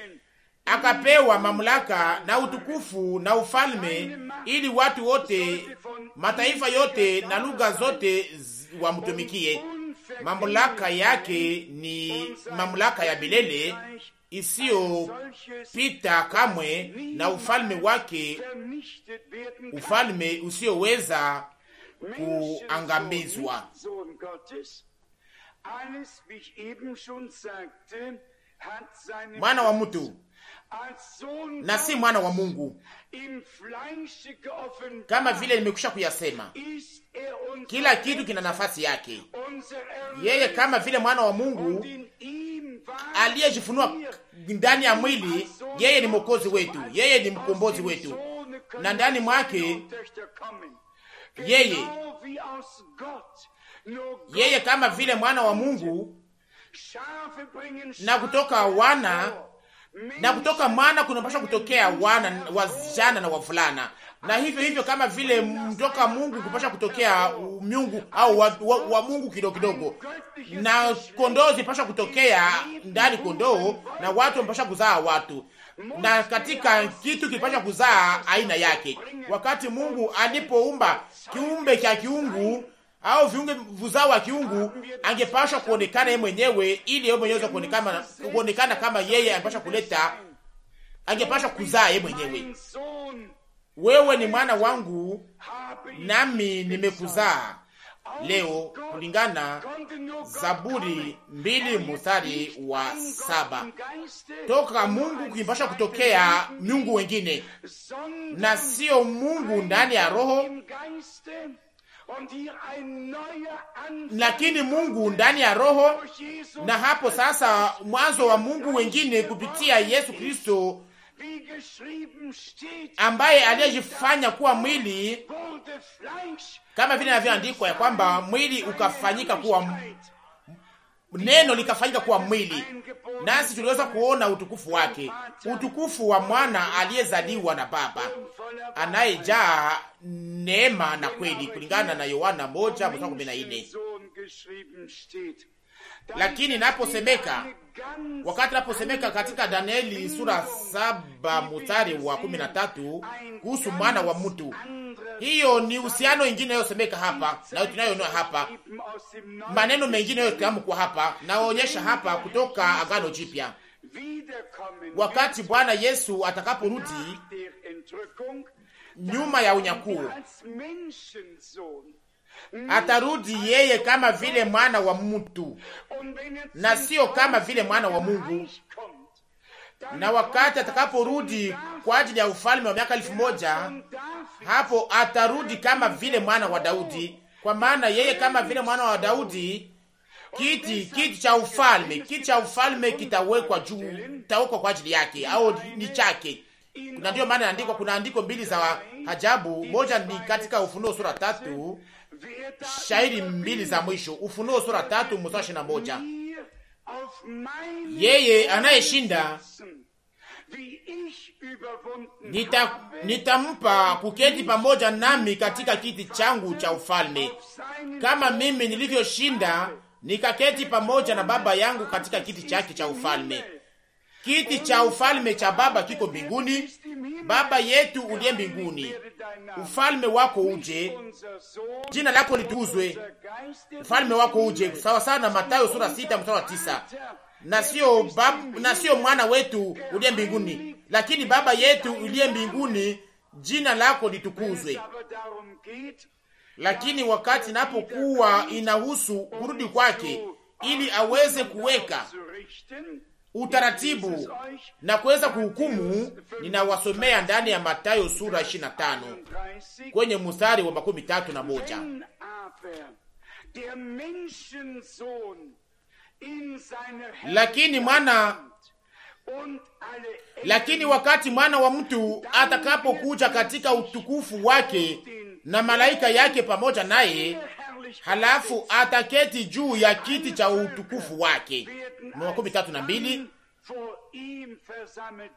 akapewa mamlaka na utukufu na ufalme, ili watu wote, mataifa yote na lugha zote wamtumikie. Mamlaka yake ni mamlaka ya milele isiyopita kamwe na ufalme wake,
ufalme
usiyoweza kuangamizwa.
Mwana wa mtu na si mwana wa Mungu.
Kama vile nimekwisha kuyasema, er kila kitu kina nafasi yake. Yeye kama vile mwana wa Mungu aliyejifunua ndani ya mwili, yeye ni mwokozi wetu, yeye ni mkombozi wetu, na ndani mwake yeye yeye kama vile mwana wa Mungu na kutoka wana na kutoka mwana kunapasha kutokea wana wasichana na wavulana, na hivyo hivyo kama vile mtoka Mungu kupasha kutokea miungu au wa, wa, wa Mungu kidogo kidogo, na kondoo zipasha kutokea ndani kondoo, na watu wamepasha kuzaa watu, na katika kitu kilipasha kuzaa aina yake. Wakati Mungu alipoumba kiumbe cha kiungu au viunge vuzao wa kiungu, angepashwa kuonekana yeye mwenyewe, ili yeye mwenyewe kuonekana kuonekana kama yeye angepashwa kuleta, angepashwa kuzaa yeye mwenyewe. Wewe ni mwana wangu, nami nimekuzaa leo, kulingana Zaburi mbili mstari wa saba. Toka Mungu kukimpasha kutokea miungu wengine, na sio Mungu ndani ya roho lakini Mungu ndani ya Roho, na hapo sasa mwanzo wa Mungu wengine kupitia Yesu Kristo
ambaye aliyejifanya
kuwa mwili, kama vile inavyoandikwa ya kwamba mwili ukafanyika kuwa neno likafanyika kuwa mwili, nasi tuliweza kuona utukufu wake, utukufu wa mwana aliyezaliwa na Baba anayejaa neema na kweli, kulingana na Yohana moja mstari kumi na nne. Lakini naposemeka wakati naposemeka katika Danieli sura saba mstari wa kumi na tatu kuhusu mwana wa mtu, hiyo ni uhusiano ingine inayosemeka hapa na tunayoona hapa, maneno mengine yotamkwa hapa naonyesha hapa kutoka Agano Jipya, wakati Bwana Yesu atakaporudi nyuma ya unyakuo atarudi yeye kama vile mwana wa mtu na sio kama vile mwana wa Mungu. Na wakati atakaporudi kwa ajili ya ufalme wa miaka elfu moja, hapo atarudi kama vile mwana wa Daudi, kwa maana yeye kama vile mwana wa Daudi kiti kiti cha ufalme kiti cha ufalme kitawekwa juu kitawekwa kwa ajili yake, au ni chake. Na ndiyo maana inaandikwa, kuna andiko mbili za ajabu. Moja ni katika Ufunuo sura tatu shairi mbili za mwisho, Ufunuo sura tatu mstari ishirini na moja yeye anayeshinda nita nitampa kuketi pamoja nami katika kiti changu cha ufalme, kama mimi nilivyoshinda nikaketi pamoja na Baba yangu katika kiti chake cha ufalme. Kiti cha ufalme cha Baba kiko mbinguni. Baba yetu uliye mbinguni, ufalme wako uje, jina lako litukuzwe, ufalme wako uje, sawa sawa na Mathayo sura sita mstari wa tisa. Na sio bab... na sio mwana wetu uliye mbinguni, lakini Baba yetu uliye mbinguni, jina lako litukuzwe. Lakini wakati napokuwa inahusu kurudi kwake, ili aweze kuweka utaratibu na kuweza kuhukumu. Ninawasomea ndani ya Mathayo sura 25 kwenye mstari wa makumi tatu na moja lakini mwana lakini wakati mwana wa mtu atakapokuja katika utukufu wake na malaika yake pamoja naye, halafu ataketi juu ya kiti cha utukufu wake makumi tatu na mbili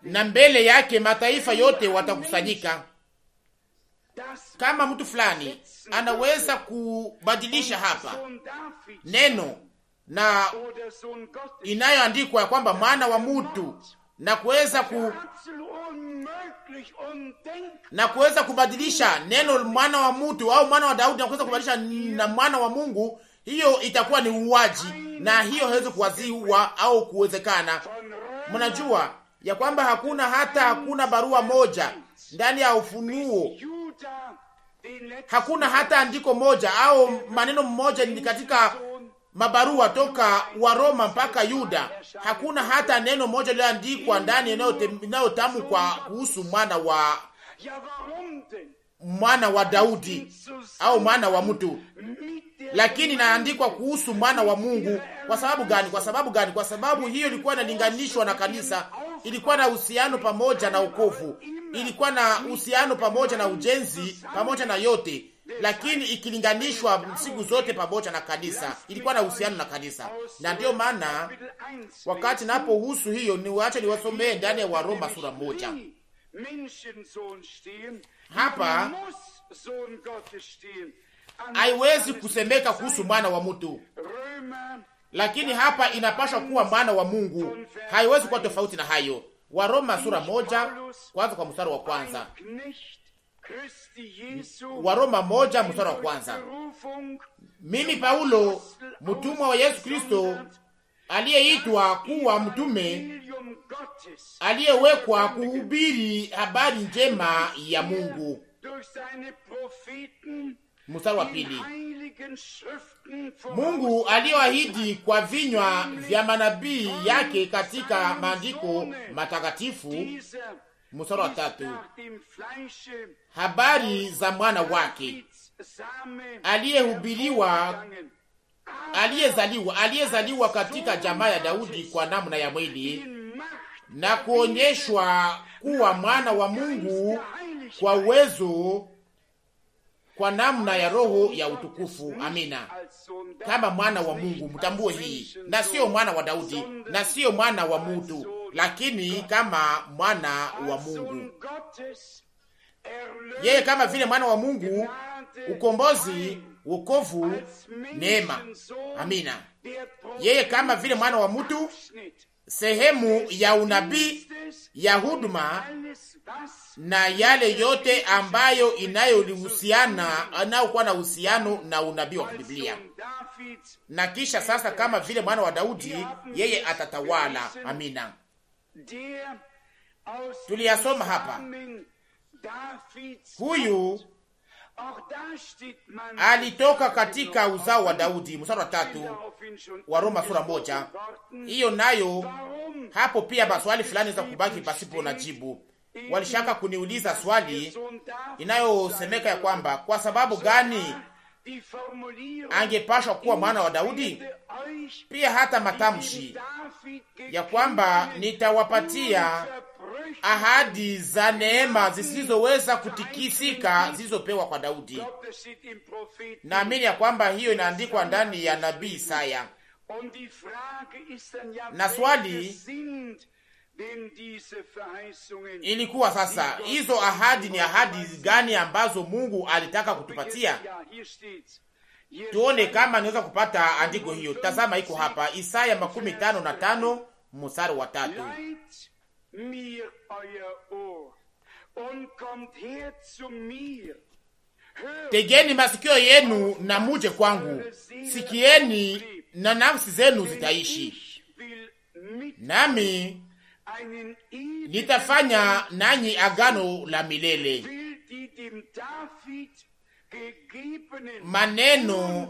na mbele yake mataifa yote watakusanyika. Kama mtu fulani anaweza kubadilisha hapa neno na inayoandikwa ya kwamba mwana wa mtu na kuweza ku na kuweza kubadilisha neno mwana wa mtu au mwana wa Daudi na kuweza kubadilisha na mwana wa Mungu hiyo itakuwa ni uuaji, na hiyo haiwezi kuwaziwa au kuwezekana. Mnajua ya kwamba hakuna hata hakuna barua moja ndani ya Ufunuo, hakuna hata andiko moja au maneno mmoja ni katika mabarua toka wa Roma mpaka Yuda, hakuna hata neno moja liliandikwa ndani inayotamkwa kuhusu mwana wa mwana wa Daudi
au mwana wa mtu lakini inaandikwa
kuhusu mwana wa Mungu. Kwa sababu gani? Kwa sababu gani? Kwa sababu hiyo ilikuwa inalinganishwa na kanisa, ilikuwa na uhusiano pamoja na ukovu, ilikuwa na uhusiano pamoja na ujenzi, pamoja na yote, lakini ikilinganishwa siku zote pamoja na kanisa, ilikuwa na uhusiano na kanisa. Na ndiyo maana wakati napo husu hiyo, niwache niwasomee ndani ya Waroma sura moja
hapa haiwezi
kusemeka kuhusu mwana wa mtu, lakini hapa inapashwa kuwa mwana wa Mungu. Haiwezi kuwa tofauti na hayo. Waroma sura moja kwanza kwa mstari wa kwanza.
Waroma moja mstari wa kwanza.
Mimi Paulo mtumwa wa Yesu Kristo aliyeitwa kuwa mtume aliyewekwa kuhubiri habari njema ya Mungu mstari wa pili. Mungu aliyoahidi kwa vinywa vya manabii yake katika maandiko matakatifu. Mstari wa tatu, habari za mwana wake aliyehubiriwa, aliyezaliwa, aliyezaliwa katika jamaa ya Daudi kwa namna ya mwili na kuonyeshwa kuwa mwana wa Mungu kwa uwezo kwa namna ya roho ya utukufu. Amina. Kama mwana wa Mungu mtambue hii, na siyo mwana wa Daudi na siyo mwana wa mutu, lakini kama mwana wa Mungu. Yeye kama vile mwana wa Mungu, ukombozi, wokovu,
neema. Amina.
Yeye kama vile mwana wa mutu sehemu ya unabii ya huduma na yale yote ambayo inayohusiana anayokuwa na uhusiano na unabii wa Biblia. Na kisha sasa, kama vile mwana wa Daudi, yeye atatawala. Amina.
Tuliyasoma hapa
huyu alitoka katika uzao wa Daudi. Mstari wa tatu wa Roma sura moja. Hiyo nayo hapo pia maswali fulani za kubaki pasipo na jibu. Walishaka kuniuliza swali inayosemeka ya kwamba kwa sababu gani angepashwa kuwa mwana wa Daudi. Pia hata matamshi ya kwamba nitawapatia ahadi za neema zisizoweza kutikisika zilizopewa kwa Daudi. Naamini ya kwamba hiyo inaandikwa ndani ya nabii Isaya, na swali ilikuwa sasa, hizo ahadi ni ahadi gani ambazo Mungu alitaka kutupatia? Tuone kama niweza kupata andiko hiyo. Tazama, iko hapa Isaya makumi tano na tano mstari wa tatu
mir euer Ohr und kommt her zu mir.
Tegeni masikio yenu na muje kwangu, sikieni na nafsi zenu zitaishi, nami nitafanya nanyi agano la milele,
maneno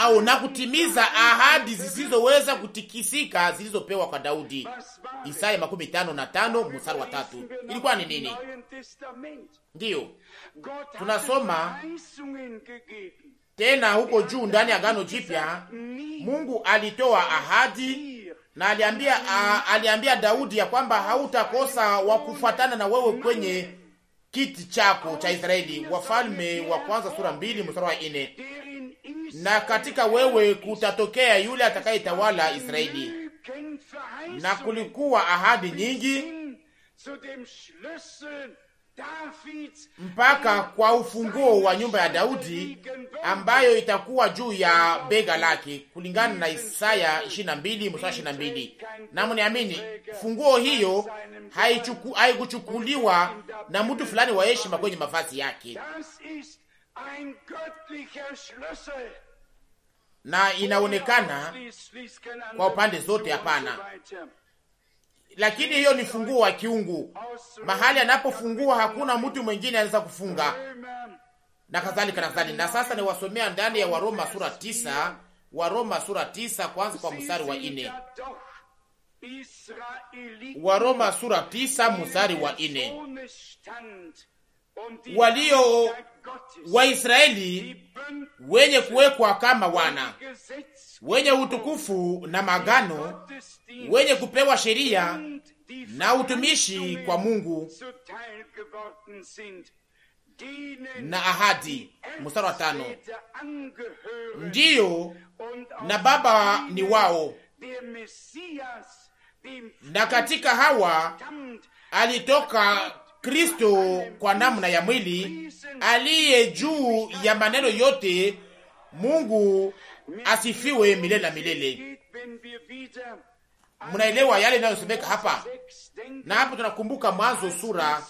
au na kutimiza
ahadi zisizoweza kutikisika zilizopewa kwa Daudi. Isaya makumi tano na tano mstari wa tatu. Ilikuwa ni nini? Ndiyo tunasoma tena huko juu ndani ya Agano Jipya, Mungu alitoa ahadi na aliambia, a, aliambia Daudi ya kwamba hautakosa wa kufuatana na wewe kwenye kiti chako cha Israeli. Wafalme wa kwanza sura mbili mstari wa nne na katika wewe kutatokea yule atakayetawala Israeli. Na kulikuwa ahadi nyingi mpaka kwa ufunguo wa nyumba ya Daudi ambayo itakuwa juu ya bega lake kulingana na Isaya 22 mstari 22. Na mniamini, funguo hiyo haikuchukuliwa na mtu fulani wa heshima kwenye mavazi yake na inaonekana kwa upande zote, hapana. Lakini hiyo ni funguo wa kiungu, mahali anapofungua hakuna mtu mwingine anaweza kufunga, na kadhalika na kadhalika. Na sasa niwasomea ndani ya Waroma sura tisa, Waroma sura tisa kwanza kwa mstari wa ine.
Waroma sura
tisa mstari wa ine
walio
Waisraeli wenye kuwekwa kama wana, wenye utukufu na magano, wenye kupewa sheria na utumishi kwa Mungu na ahadi. Mstari wa tano, ndiyo
na baba ni
wao, na katika hawa alitoka Kristo kwa namna ya mwili aliye juu ya maneno yote. Mungu asifiwe milele na milele. Mnaelewa yale inayosemeka hapa? Na hapo tunakumbuka Mwanzo sura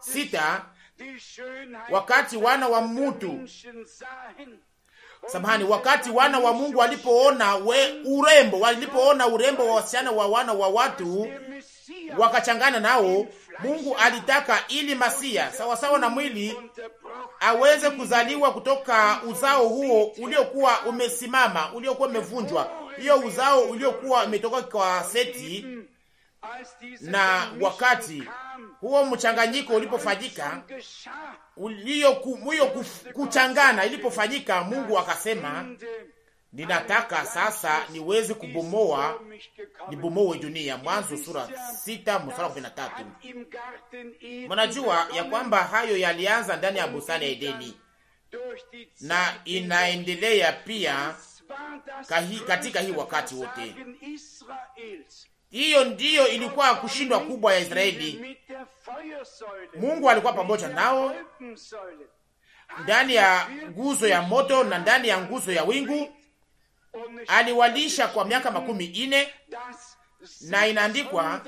sita, wakati wana wa mtu samahani, wakati wana wa Mungu walipoona we urembo, walipoona urembo wa wasichana wa wana wa watu wakachangana nao Mungu alitaka ili Masia sawasawa na mwili aweze kuzaliwa kutoka uzao huo uliokuwa umesimama, uliokuwa umevunjwa, hiyo uzao uliokuwa umetoka kwa Seti. Na wakati huo mchanganyiko ulipofanyika, hiyo kuchangana ilipofanyika, Mungu akasema ninataka sasa niweze kubomoa, nibomoe dunia. Mwanzo sura 6 mstari kumi Mnajua ya kwamba hayo yalianza ndani ya bustani ya Edeni na inaendelea pia
kahi, katika hii wakati wote.
Hiyo ndiyo ilikuwa kushindwa kubwa ya Israeli. Mungu alikuwa pamoja nao ndani ya nguzo ya moto na ndani ya nguzo ya wingu
aliwalisha
kwa miaka makumi ine
na inaandikwa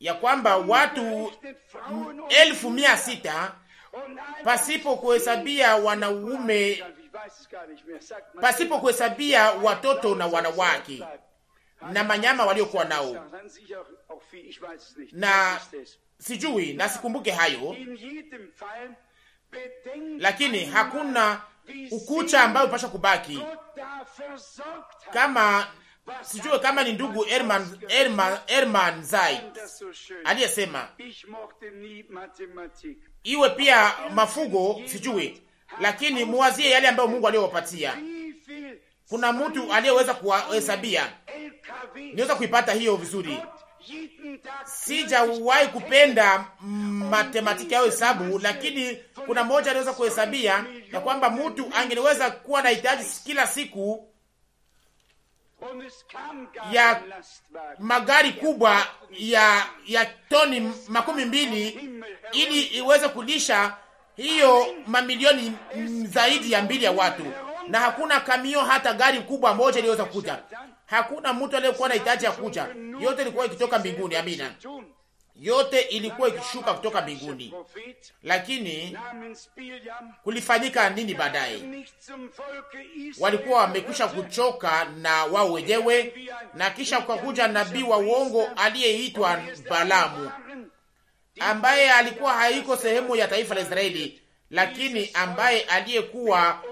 ya kwamba watu elfu mia sita pasipo kuhesabia wanaume pasipo kuhesabia watoto na wanawake na manyama waliokuwa nao, na sijui na sikumbuke hayo, lakini hakuna
ukucha ambayo upasha kubaki
kama sijue kama ni ndugu Herman, Herman, Herman Zai aliyesema iwe pia mafugo sijue, lakini muwazie yale ambayo Mungu aliyowapatia. Kuna mtu aliyeweza kuwahesabia, niweza kuipata hiyo vizuri sijawahi kupenda matematiki au hesabu, lakini kuna moja anaweza kuhesabia ya kwamba mtu angeweza kuwa na hitaji kila siku ya magari kubwa ya ya toni makumi mbili ili iweze kulisha hiyo mamilioni zaidi ya mbili ya watu, na hakuna kamio hata gari kubwa moja iliyoweza kuja. Hakuna mtu aliyekuwa na hitaji ya kuja, yote ilikuwa ikitoka mbinguni. Amina, yote ilikuwa ikishuka kutoka mbinguni. Lakini kulifanyika nini baadaye? Walikuwa wamekwisha kuchoka na wao wenyewe, na kisha kukakuja nabii wa uongo aliyeitwa Balamu ambaye alikuwa haiko sehemu ya taifa la Israeli, lakini ambaye aliyekuwa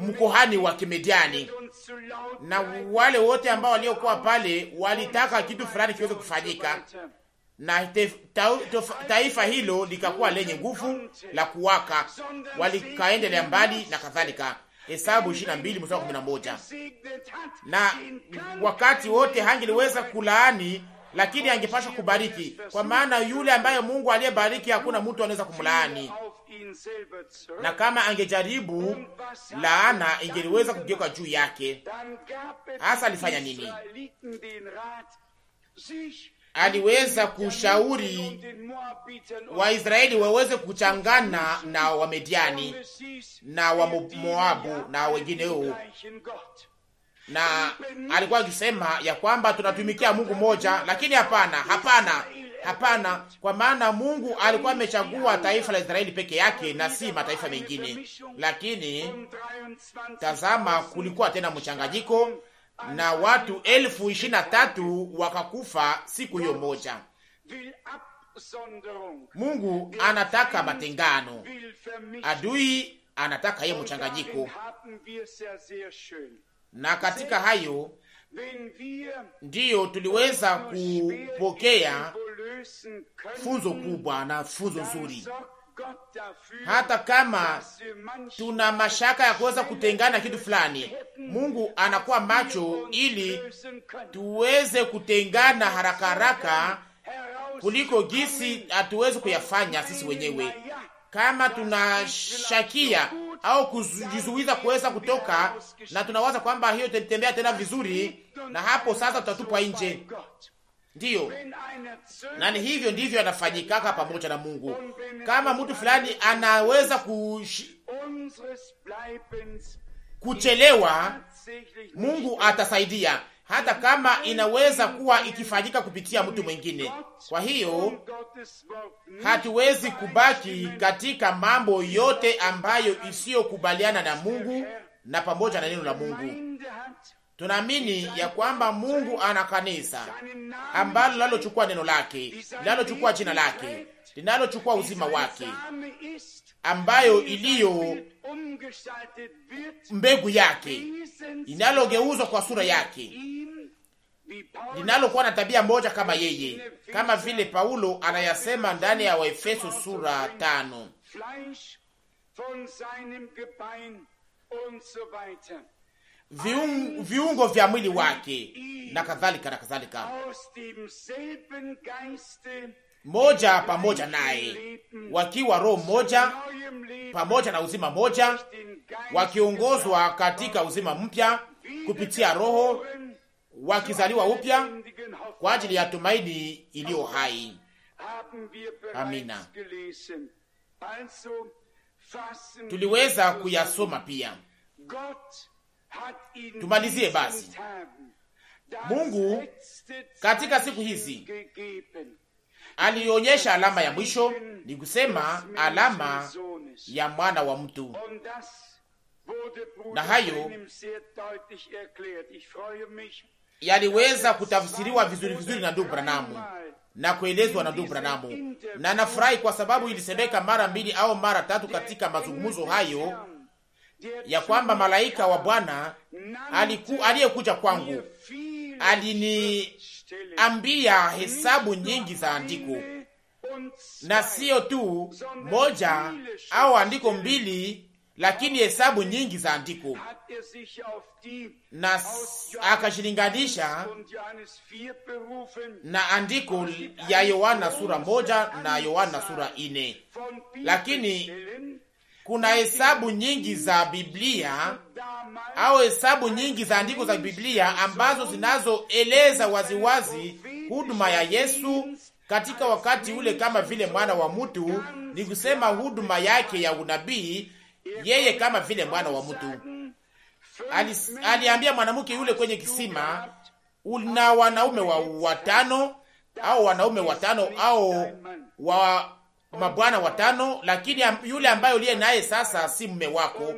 mkuhani wa Kimediani, na wale wote ambao waliokuwa pale walitaka kitu fulani kiweze kufanyika, na tef, ta, tof, taifa hilo likakuwa lenye nguvu la kuwaka, walikaendelea mbali na kadhalika. Hesabu 22 mstari Na wakati wote hangeliweza kulaani, lakini angepashwa kubariki, kwa maana yule ambaye Mungu aliyebariki hakuna mtu anaweza kumlaani na kama angejaribu, laana ingeliweza kugeuka juu yake. Hasa alifanya nini? Aliweza kushauri Waisraeli waweze kuchangana na Wamediani na Wamoabu na wengineo, na alikuwa akisema ya kwamba tunatumikia Mungu moja, lakini hapana, hapana Hapana, kwa maana Mungu alikuwa amechagua taifa la Israeli peke yake na si mataifa mengine. Lakini tazama, kulikuwa tena mchanganyiko na watu elfu ishirini na tatu wakakufa siku hiyo moja. Mungu anataka matengano, adui anataka hiyo mchanganyiko, na katika hayo ndiyo tuliweza kupokea funzo kubwa na funzo nzuri, hata kama tuna mashaka ya kuweza kutengana kitu fulani, Mungu anakuwa macho ili tuweze kutengana haraka haraka kuliko gisi hatuwezi kuyafanya sisi wenyewe. Kama tunashakia au kujizuiza kuweza kutoka, na tunawaza kwamba hiyo itatembea tena vizuri, na hapo sasa tutatupwa nje Ndiyo, na ni hivyo ndivyo anafanyikaka pamoja na Mungu. Kama mtu fulani anaweza kush... kuchelewa, Mungu atasaidia hata kama inaweza kuwa ikifanyika kupitia mtu mwingine. Kwa hiyo hatuwezi kubaki katika mambo yote ambayo isiyokubaliana na Mungu na pamoja na neno la Mungu. Tunaamini ya kwamba Mungu ana kanisa ambalo linalochukua neno lake, linalochukua jina lake, linalochukua uzima wake, ambayo iliyo mbegu yake, linalogeuzwa kwa sura yake, linalokuwa na tabia moja kama yeye, kama vile Paulo anayasema ndani ya Waefeso sura tano viungo, viungo vya mwili wake na kadhalika na kadhalika, moja pamoja naye, wakiwa roho moja pamoja na uzima moja, wakiongozwa katika uzima mpya kupitia Roho, wakizaliwa upya kwa ajili ya tumaini iliyo hai.
Amina. Tuliweza kuyasoma pia Tumalizie basi.
Mungu katika siku hizi alionyesha alama ya mwisho, ni kusema alama ya mwana wa mtu, na hayo yaliweza kutafsiriwa vizuri vizuri na ndugu Branamu na kuelezwa na ndugu Branamu, na nafurahi kwa sababu ilisemeka mara mbili au mara tatu katika mazungumzo hayo ya kwamba malaika wa Bwana aliyekuja kwangu aliniambia hesabu nyingi za andiko, na sio tu moja au andiko mbili, lakini hesabu nyingi za andiko, na akashilinganisha na andiko ya Yohana sura moja na Yohana sura ine, lakini kuna hesabu nyingi za Biblia au hesabu nyingi za andiko za Biblia ambazo zinazoeleza waziwazi huduma ya Yesu katika wakati ule, kama vile mwana wa mtu, ni kusema huduma yake ya unabii, yeye kama vile mwana wa mtu. Aliambia mwanamke yule kwenye kisima, una wanaume wa watano au wanaume watano au wa mabwana watano, lakini yule ambaye uliye naye sasa si mume wako.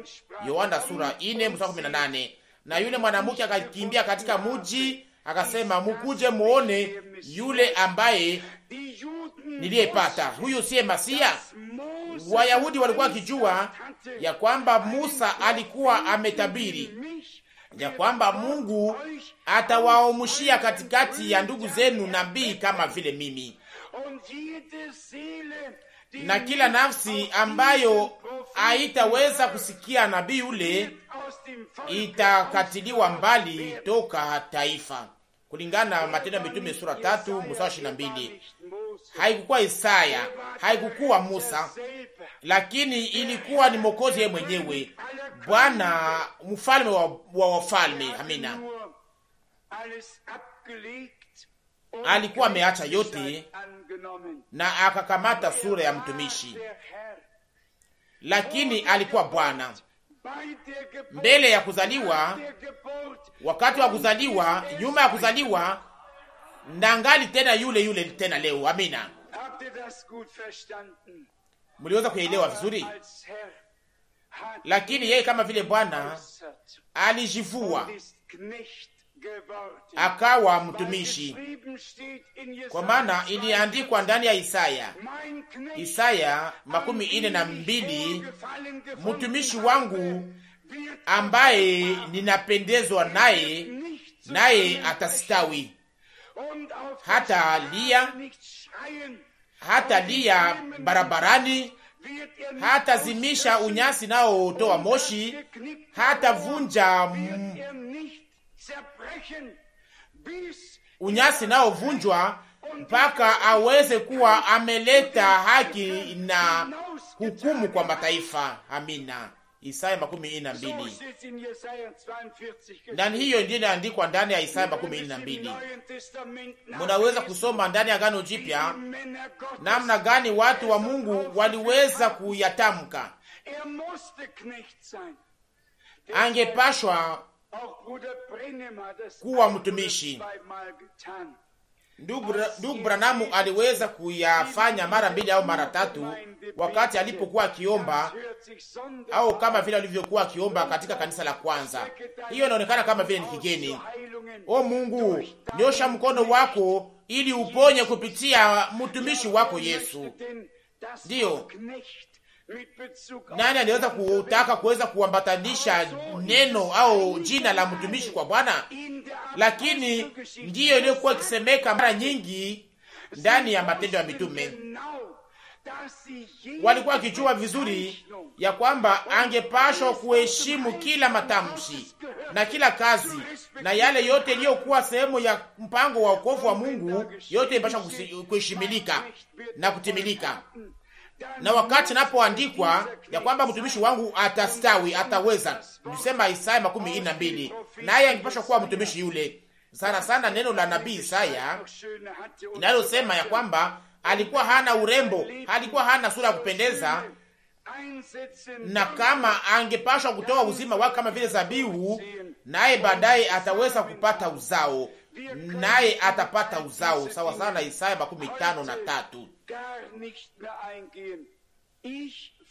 Yohana sura 4 mstari 18. Na yule mwanamke akakimbia katika muji akasema, mukuje muone yule ambaye niliyepata. Huyu siye Masia? Wayahudi walikuwa wakijua ya kwamba Musa alikuwa ametabiri ya kwamba Mungu atawaomushia katikati ya ndugu zenu nabii kama vile mimi na kila nafsi ambayo haitaweza kusikia nabii ule itakatiliwa mbali toka taifa, kulingana na Matendo ya Mitume sura tatu mstari ishirini na mbili. Haikukuwa Isaya, haikukuwa Musa, lakini ilikuwa ni mokozi yeye mwenyewe, Bwana mfalme wa, wa wafalme. Amina, alikuwa ameacha yote na akakamata sura ya mtumishi, lakini alikuwa Bwana
mbele ya kuzaliwa,
wakati wa kuzaliwa, nyuma ya kuzaliwa, na ngali tena yule yule tena leo. Amina, mliweza kuelewa vizuri. Lakini yeye kama vile Bwana alijivua akawa mtumishi, kwa maana iliandikwa ndani ya Isaya, Isaya makumi ine na mbili, mtumishi wangu ambaye ninapendezwa er naye, naye atastawi, hata lia hata lia barabarani,
hata zimisha
unyasi nao toa moshi, hata vunja unyasi naovunjwa mpaka aweze kuwa ameleta haki na hukumu kwa mataifa. Amina. Isaya makumi ine na mbili. Na hiyo ndiyo inaandikwa ndani ya Isaya makumi ine na mbili. Munaweza kusoma ndani ya gano Jipya namna gani watu wa Mungu waliweza kuyatamka. Angepashwa kuwa mtumishi. Ndugu Branamu aliweza kuyafanya mara mbili au mara tatu, wakati alipokuwa akiomba au kama vile alivyokuwa akiomba katika kanisa la kwanza. Hiyo inaonekana kama vile ni kigeni. O Mungu, nyosha mkono wako ili uponye kupitia mtumishi wako Yesu. Ndiyo,
nani aliweza kutaka
kuweza kuambatanisha neno au jina la mtumishi kwa Bwana? Lakini ndiyo iliyokuwa ikisemeka mara nyingi ndani ya Matendo ya Mitume.
Walikuwa wakijua
vizuri ya kwamba angepashwa kuheshimu kila matamshi na kila kazi na yale yote iliyokuwa sehemu ya mpango wa wokovu wa Mungu, yote ipashwa kuheshimilika na kutimilika na wakati napoandikwa ya kwamba mtumishi wangu atastawi, ataweza, nilisema Isaya makumi ine na mbili, naye angepashwa kuwa mtumishi yule. Sana sana neno la nabii Isaya inalosema ya kwamba alikuwa hana urembo, alikuwa hana sura ya kupendeza,
na kama
angepashwa kutoa uzima wake kama vile zabihu, naye baadaye ataweza kupata uzao naye atapata uzao sawa sawa na Isaya makumi tano na tatu.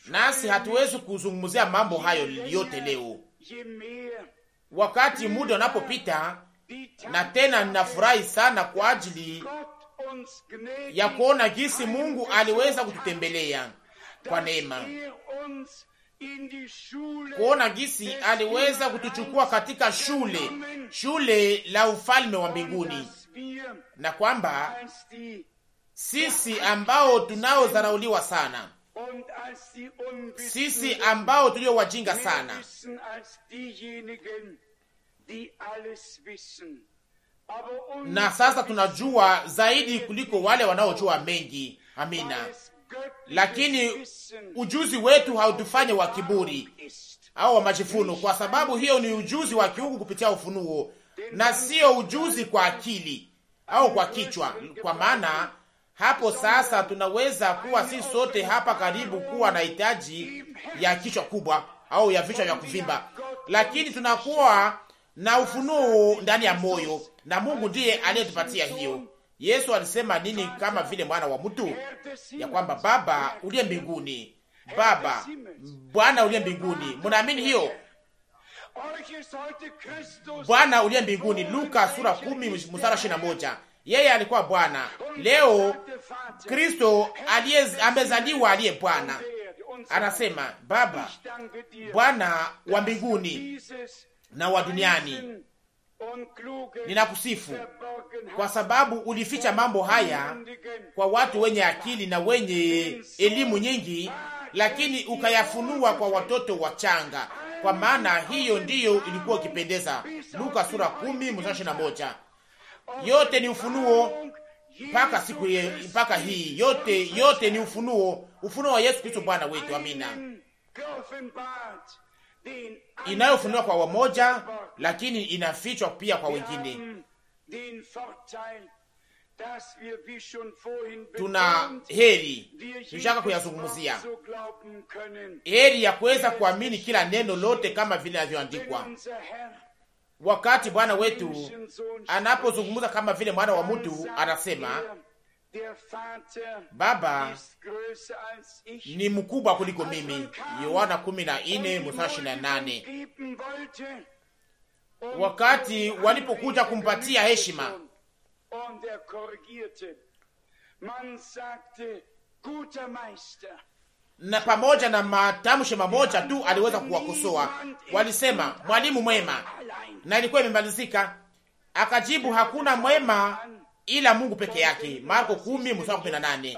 Nasi hatuwezi kuzungumzia mambo hayo yote leo, wakati muda unapopita, na tena ninafurahi sana kwa ajili
ya kuona jinsi Mungu aliweza kututembelea
kwa neema kuona gisi aliweza kutuchukua katika shule, shule la ufalme wa mbinguni, na kwamba sisi ambao tunaozarauliwa sana,
sisi ambao tulio wajinga sana
na sasa tunajua zaidi kuliko wale wanaojua mengi. Amina lakini ujuzi wetu hautufanye wa kiburi au wa majifuno, kwa sababu hiyo ni ujuzi wa kiungu kupitia ufunuo na sio ujuzi kwa akili au kwa kichwa. Kwa maana hapo sasa tunaweza kuwa si sote hapa karibu kuwa na hitaji ya kichwa kubwa au ya vichwa vya kuvimba, lakini tunakuwa na ufunuo ndani ya moyo na Mungu ndiye aliyetupatia hiyo. Yesu alisema nini kama vile mwana wa mtu? Ya kwamba Baba uliye mbinguni, Baba Bwana uliye mbinguni. Mnaamini hiyo? Bwana uliye mbinguni, Luka sura 10 mstari moja. Yeye alikuwa Bwana. Leo Kristo amezaliwa aliye Bwana anasema Baba, Bwana wa mbinguni na wa duniani Ninakusifu kwa sababu ulificha mambo haya kwa watu wenye akili na wenye elimu nyingi, lakini ukayafunua kwa watoto wachanga, kwa maana hiyo ndiyo ilikuwa ikipendeza Luka sura kumi mstari na moja. Yote ni ufunuo mpaka siku mpaka hii yote yote ni ufunuo, ufunuo wa Yesu Kristo Bwana wetu. Amina inayofunuliwa kwa wamoja, lakini inafichwa pia kwa wengine. Tuna heri
tushaka kuyazungumzia,
heri ya kuweza kuamini kila neno lote kama vile inavyoandikwa. Wakati Bwana wetu anapozungumza kama vile mwana wa mtu anasema Baba ni mkubwa kuliko mimi. Yohana 14 mstari nane.
Wakati walipokuja
kumpatia heshima er na pamoja na matamshi mamoja tu aliweza kuwakosoa. Walisema mwalimu mwema, na ilikuwa imemalizika. Akajibu, hakuna mwema ila Mungu peke yake. Marko 10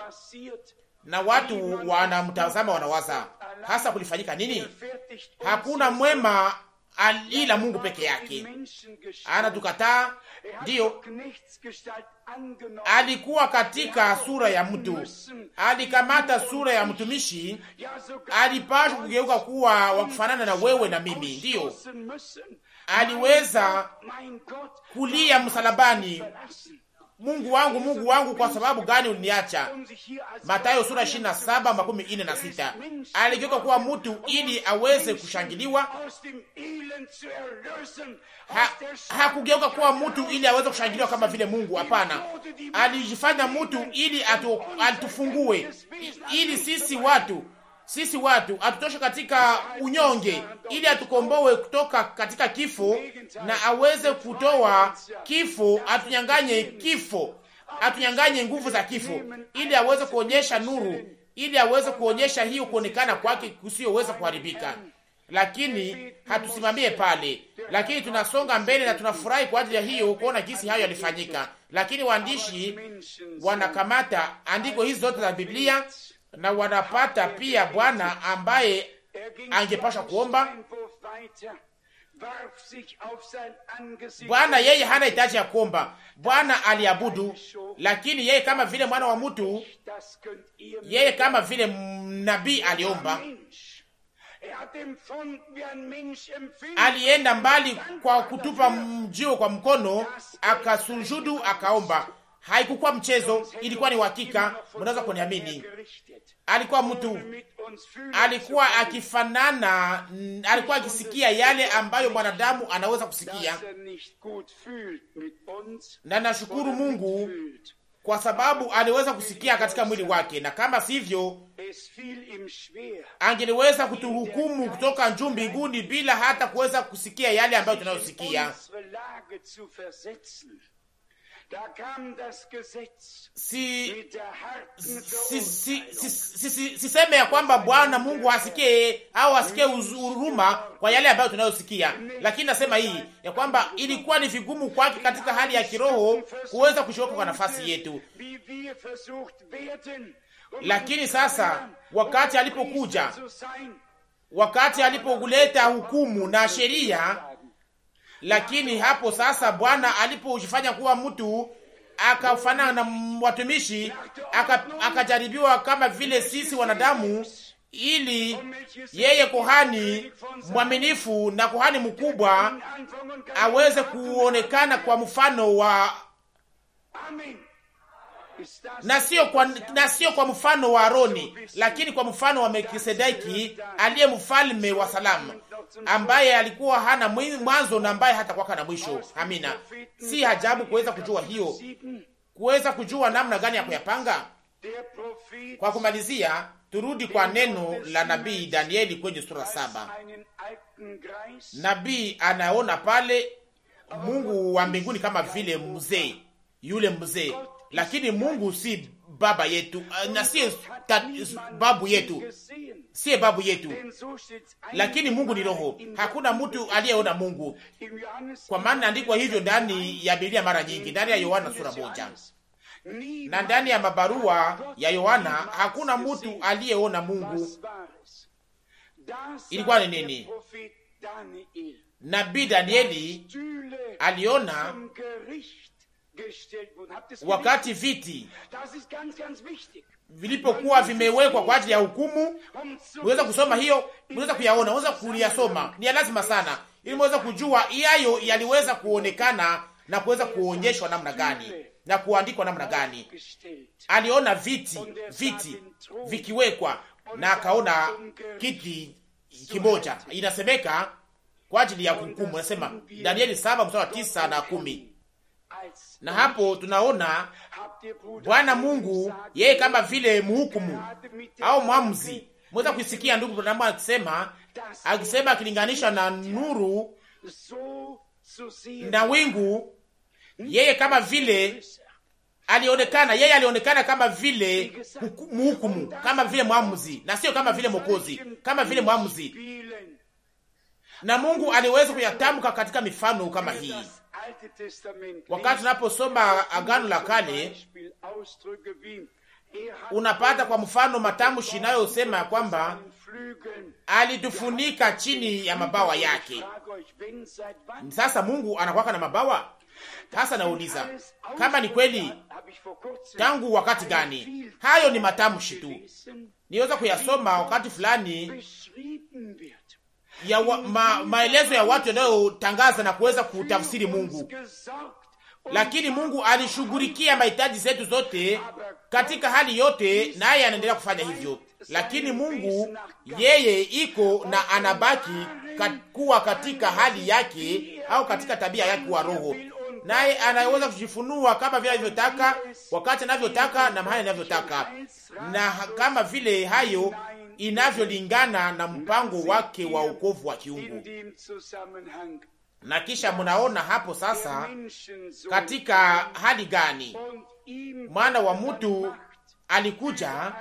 Na watu wanamtazama wanawaza, hasa kulifanyika nini? Hakuna mwema ila Mungu peke yake. Anatukataa, ndiyo, alikuwa katika sura ya mtu, alikamata sura ya mtumishi, alipashwa kugeuka kuwa wakufanana na wewe na mimi, ndiyo, aliweza kulia msalabani Mungu wangu, Mungu wangu, kwa sababu gani uniacha? Mathayo sura 27 makumi ine na sita. Aligeuka kuwa mtu ili aweze kushangiliwa. Ha, hakugeuka kuwa mtu ili aweze kushangiliwa kama vile Mungu. Hapana, alijifanya mtu ili atu, atufungue ili sisi watu sisi watu atutoshe katika unyonge, ili atukomboe kutoka katika kifo na aweze kutoa kifo, atunyanganye kifo, atunyanganye nguvu za kifo, ili aweze kuonyesha nuru, ili aweze kuonyesha hiyo kuonekana kwake kusiyoweza kuharibika. Lakini hatusimamie pale, lakini tunasonga mbele na tunafurahi kwa ajili ya hiyo kuona jinsi hayo yalifanyika. Lakini waandishi wanakamata andiko hizi zote za Biblia na wanapata pia Bwana ambaye
angepashwa kuomba. Bwana yeye hana hitaji
ya kuomba. Bwana aliabudu, lakini yeye kama vile mwana wa mtu, yeye kama vile nabii aliomba,
alienda mbali
kwa kutupa mjio kwa mkono, akasujudu, akaomba. Haikukuwa mchezo, ilikuwa ni uhakika. Mnaweza kuniamini, alikuwa mtu, alikuwa akifanana, alikuwa akisikia yale ambayo mwanadamu anaweza kusikia, na nashukuru Mungu kwa sababu aliweza kusikia katika mwili wake, na kama sivyo angeliweza kutuhukumu kutoka juu mbinguni bila hata kuweza kusikia yale ambayo tunayosikia siseme ya kwamba Bwana Mungu asikie au asikie huruma kwa yale ambayo tunayosikia, lakini nasema hii ya kwamba ilikuwa ni vigumu kwake katika hali ya kiroho kuweza kushoka kwa nafasi yetu, lakini sasa wakati alipokuja, wakati alipoleta hukumu na sheria lakini hapo sasa Bwana alipojifanya kuwa mtu akafanana na watumishi, akajaribiwa aka kama vile sisi wanadamu, ili yeye kohani mwaminifu na kohani mkubwa aweze kuonekana kwa mfano wa na sio kwa, na sio kwa mfano wa Aroni, lakini kwa mfano wa Melkisedeki aliye mfalme wa salamu, ambaye alikuwa hana mwanzo na ambaye kwaka na mwisho. Amina. Si ajabu kuweza kujua hiyo, kuweza kujua namna gani ya kuyapanga. Kwa kumalizia, turudi kwa neno la nabii Danieli kwenye sura saba. Nabii anaona pale Mungu wa mbinguni kama vile mzee, yule mzee lakini Mungu si baba yetu eh, na si babu yetu, si babu yetu,
lakini Mungu
ni roho. Hakuna mtu aliyeona Mungu, kwa maana andikwa hivyo ndani ya Biblia mara nyingi, ndani ya Yohana sura moja na ndani ya mabarua ya Yohana. Hakuna mtu aliyeona Mungu. Ilikuwa ni nini? Nabii Danieli aliona
wakati viti
vilipokuwa vimewekwa kwa ajili ya hukumu.
Unaweza um kusoma hiyo,
unaweza kuyaona, unaweza kuyasoma ni ya lazima sana, ili mweza kujua yayo yaliweza kuonekana na kuweza kuonyeshwa namna gani na kuandikwa namna gani. Aliona viti viti vikiwekwa na akaona kiti kimoja, inasemeka kwa ajili ya hukumu. Nasema Danieli 7:9 na na hapo tunaona Bwana Mungu yeye kama vile muhukumu au mwamuzi. Mweza kuisikia ndugu Branham akisema, akisema akilinganisha na nuru na wingu, yeye kama vile alionekana, yeye alionekana kama vile muhukumu, kama vile mwamuzi, na sio kama vile mwokozi, kama vile mwamuzi. Na Mungu aliweza kuyatamka katika mifano kama hii Wakati unaposoma Agano la Kale unapata kwa mfano matamshi inayosema ya kwamba alitufunika chini ya mabawa yake. Sasa Mungu anakuwaka na mabawa. Sasa nauliza
kama ni kweli,
tangu wakati gani? Hayo ni matamshi tu, niweza kuyasoma wakati fulani ya wa, ma, maelezo ya watu yanayotangaza na kuweza kutafsiri Mungu, lakini Mungu alishughulikia mahitaji zetu zote katika hali yote, naye anaendelea kufanya hivyo. Lakini Mungu yeye iko na anabaki kuwa katika hali yake au katika tabia yake wa roho, naye anaweza kujifunua kama vile anavyotaka, wakati anavyotaka na mahali anavyotaka, na kama vile hayo inavyolingana na mpango wake wa wokovu wa kiungu. Na kisha mnaona hapo sasa katika hali gani
mwana wa mtu
alikuja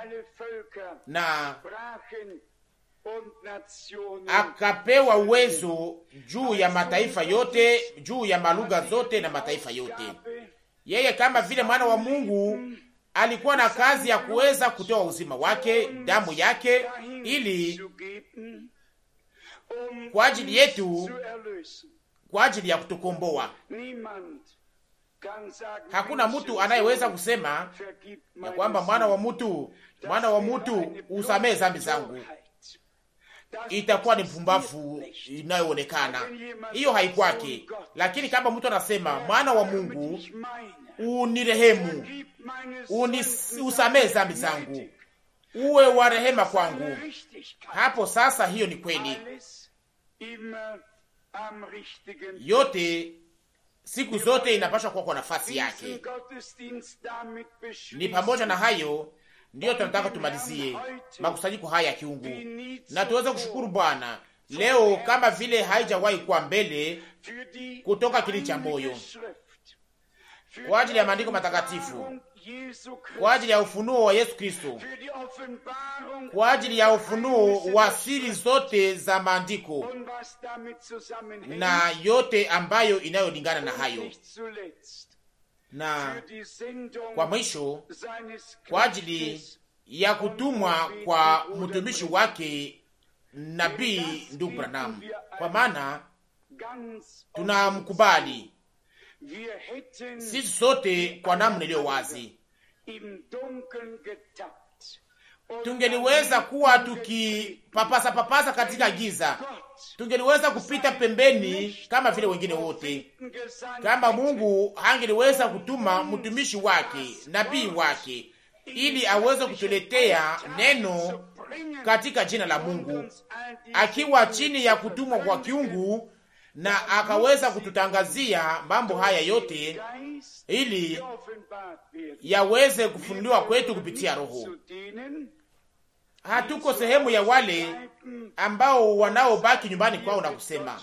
na akapewa uwezo juu ya mataifa yote, juu ya malugha zote na mataifa yote. Yeye kama vile mwana wa Mungu alikuwa na kazi ya kuweza kutoa uzima wake, damu yake, ili
kwa ajili yetu,
kwa ajili ya kutukomboa.
Hakuna mtu anayeweza kusema
ya kwamba mwana wa mtu, mwana wa mtu, usamehe zambi zangu, itakuwa ni mpumbavu inayoonekana hiyo, haikwake. Lakini kama mtu anasema mwana wa Mungu, unirehemu unisamehe dhambi zangu, uwe wa rehema kwangu. Hapo sasa, hiyo ni kweli yote siku zote inapashwa kuwa kwa nafasi yake.
Ni pamoja na hayo
ndiyo tunataka tumalizie makusanyiko haya ya kiungu, na tuweze kushukuru Bwana leo kama vile haijawahi kuwa mbele kutoka kili cha moyo kwa ajili ya maandiko matakatifu kwa ajili ya ufunuo wa Yesu Kristo,
kwa ajili ya ufunuo wa
siri zote za maandiko na yote ambayo inayolingana na hayo, na
kwa mwisho, kwa ajili
ya kutumwa kwa mtumishi wake nabii ndugu Branham, kwa maana tunamkubali sisi sote kwa namna iliyo wazi tungeliweza kuwa tukipapasa papasa katika giza, tungeliweza kupita pembeni kama vile wengine wote, kama Mungu hangeliweza kutuma mtumishi wake, nabii wake, ili aweze kutuletea neno katika jina la Mungu, akiwa chini ya kutumwa kwa kiungu na akaweza kututangazia mambo haya yote ili yaweze kufunuliwa kwetu kupitia Roho. Hatuko sehemu ya wale ambao wanaobaki nyumbani kwao na kusema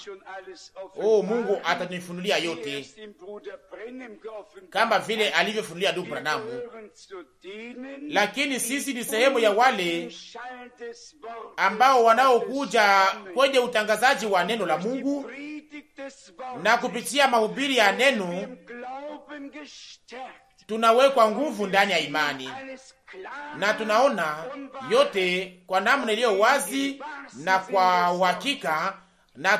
oh, Mungu atanifunulia yote kama vile alivyofunulia ndugu Branamu, lakini sisi ni sehemu ya wale ambao wanaokuja kwenye utangazaji wa neno la Mungu na kupitia mahubiri ya neno tunawekwa nguvu ndani ya imani, na tunaona yote kwa namna iliyo wazi na kwa uhakika, na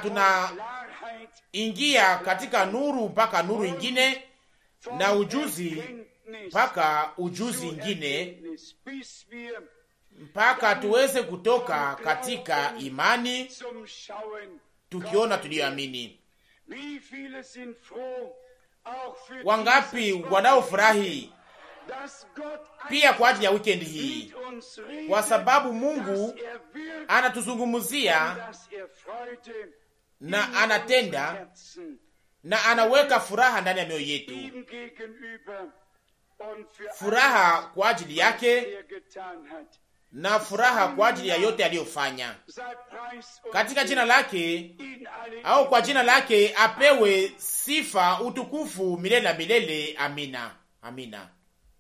tunaingia katika nuru mpaka nuru ingine na ujuzi
mpaka
ujuzi ingine mpaka tuweze kutoka katika imani tukiona tuliyoamini.
Wangapi wanaofurahi
pia kwa ajili ya wikendi hii,
kwa sababu
Mungu anatuzungumzia na anatenda na anaweka furaha ndani ya mioyo yetu,
furaha
kwa ajili yake na furaha kwa ajili ya yote aliyofanya katika jina lake, au kwa jina lake apewe sifa utukufu milele na milele. Amina, amina.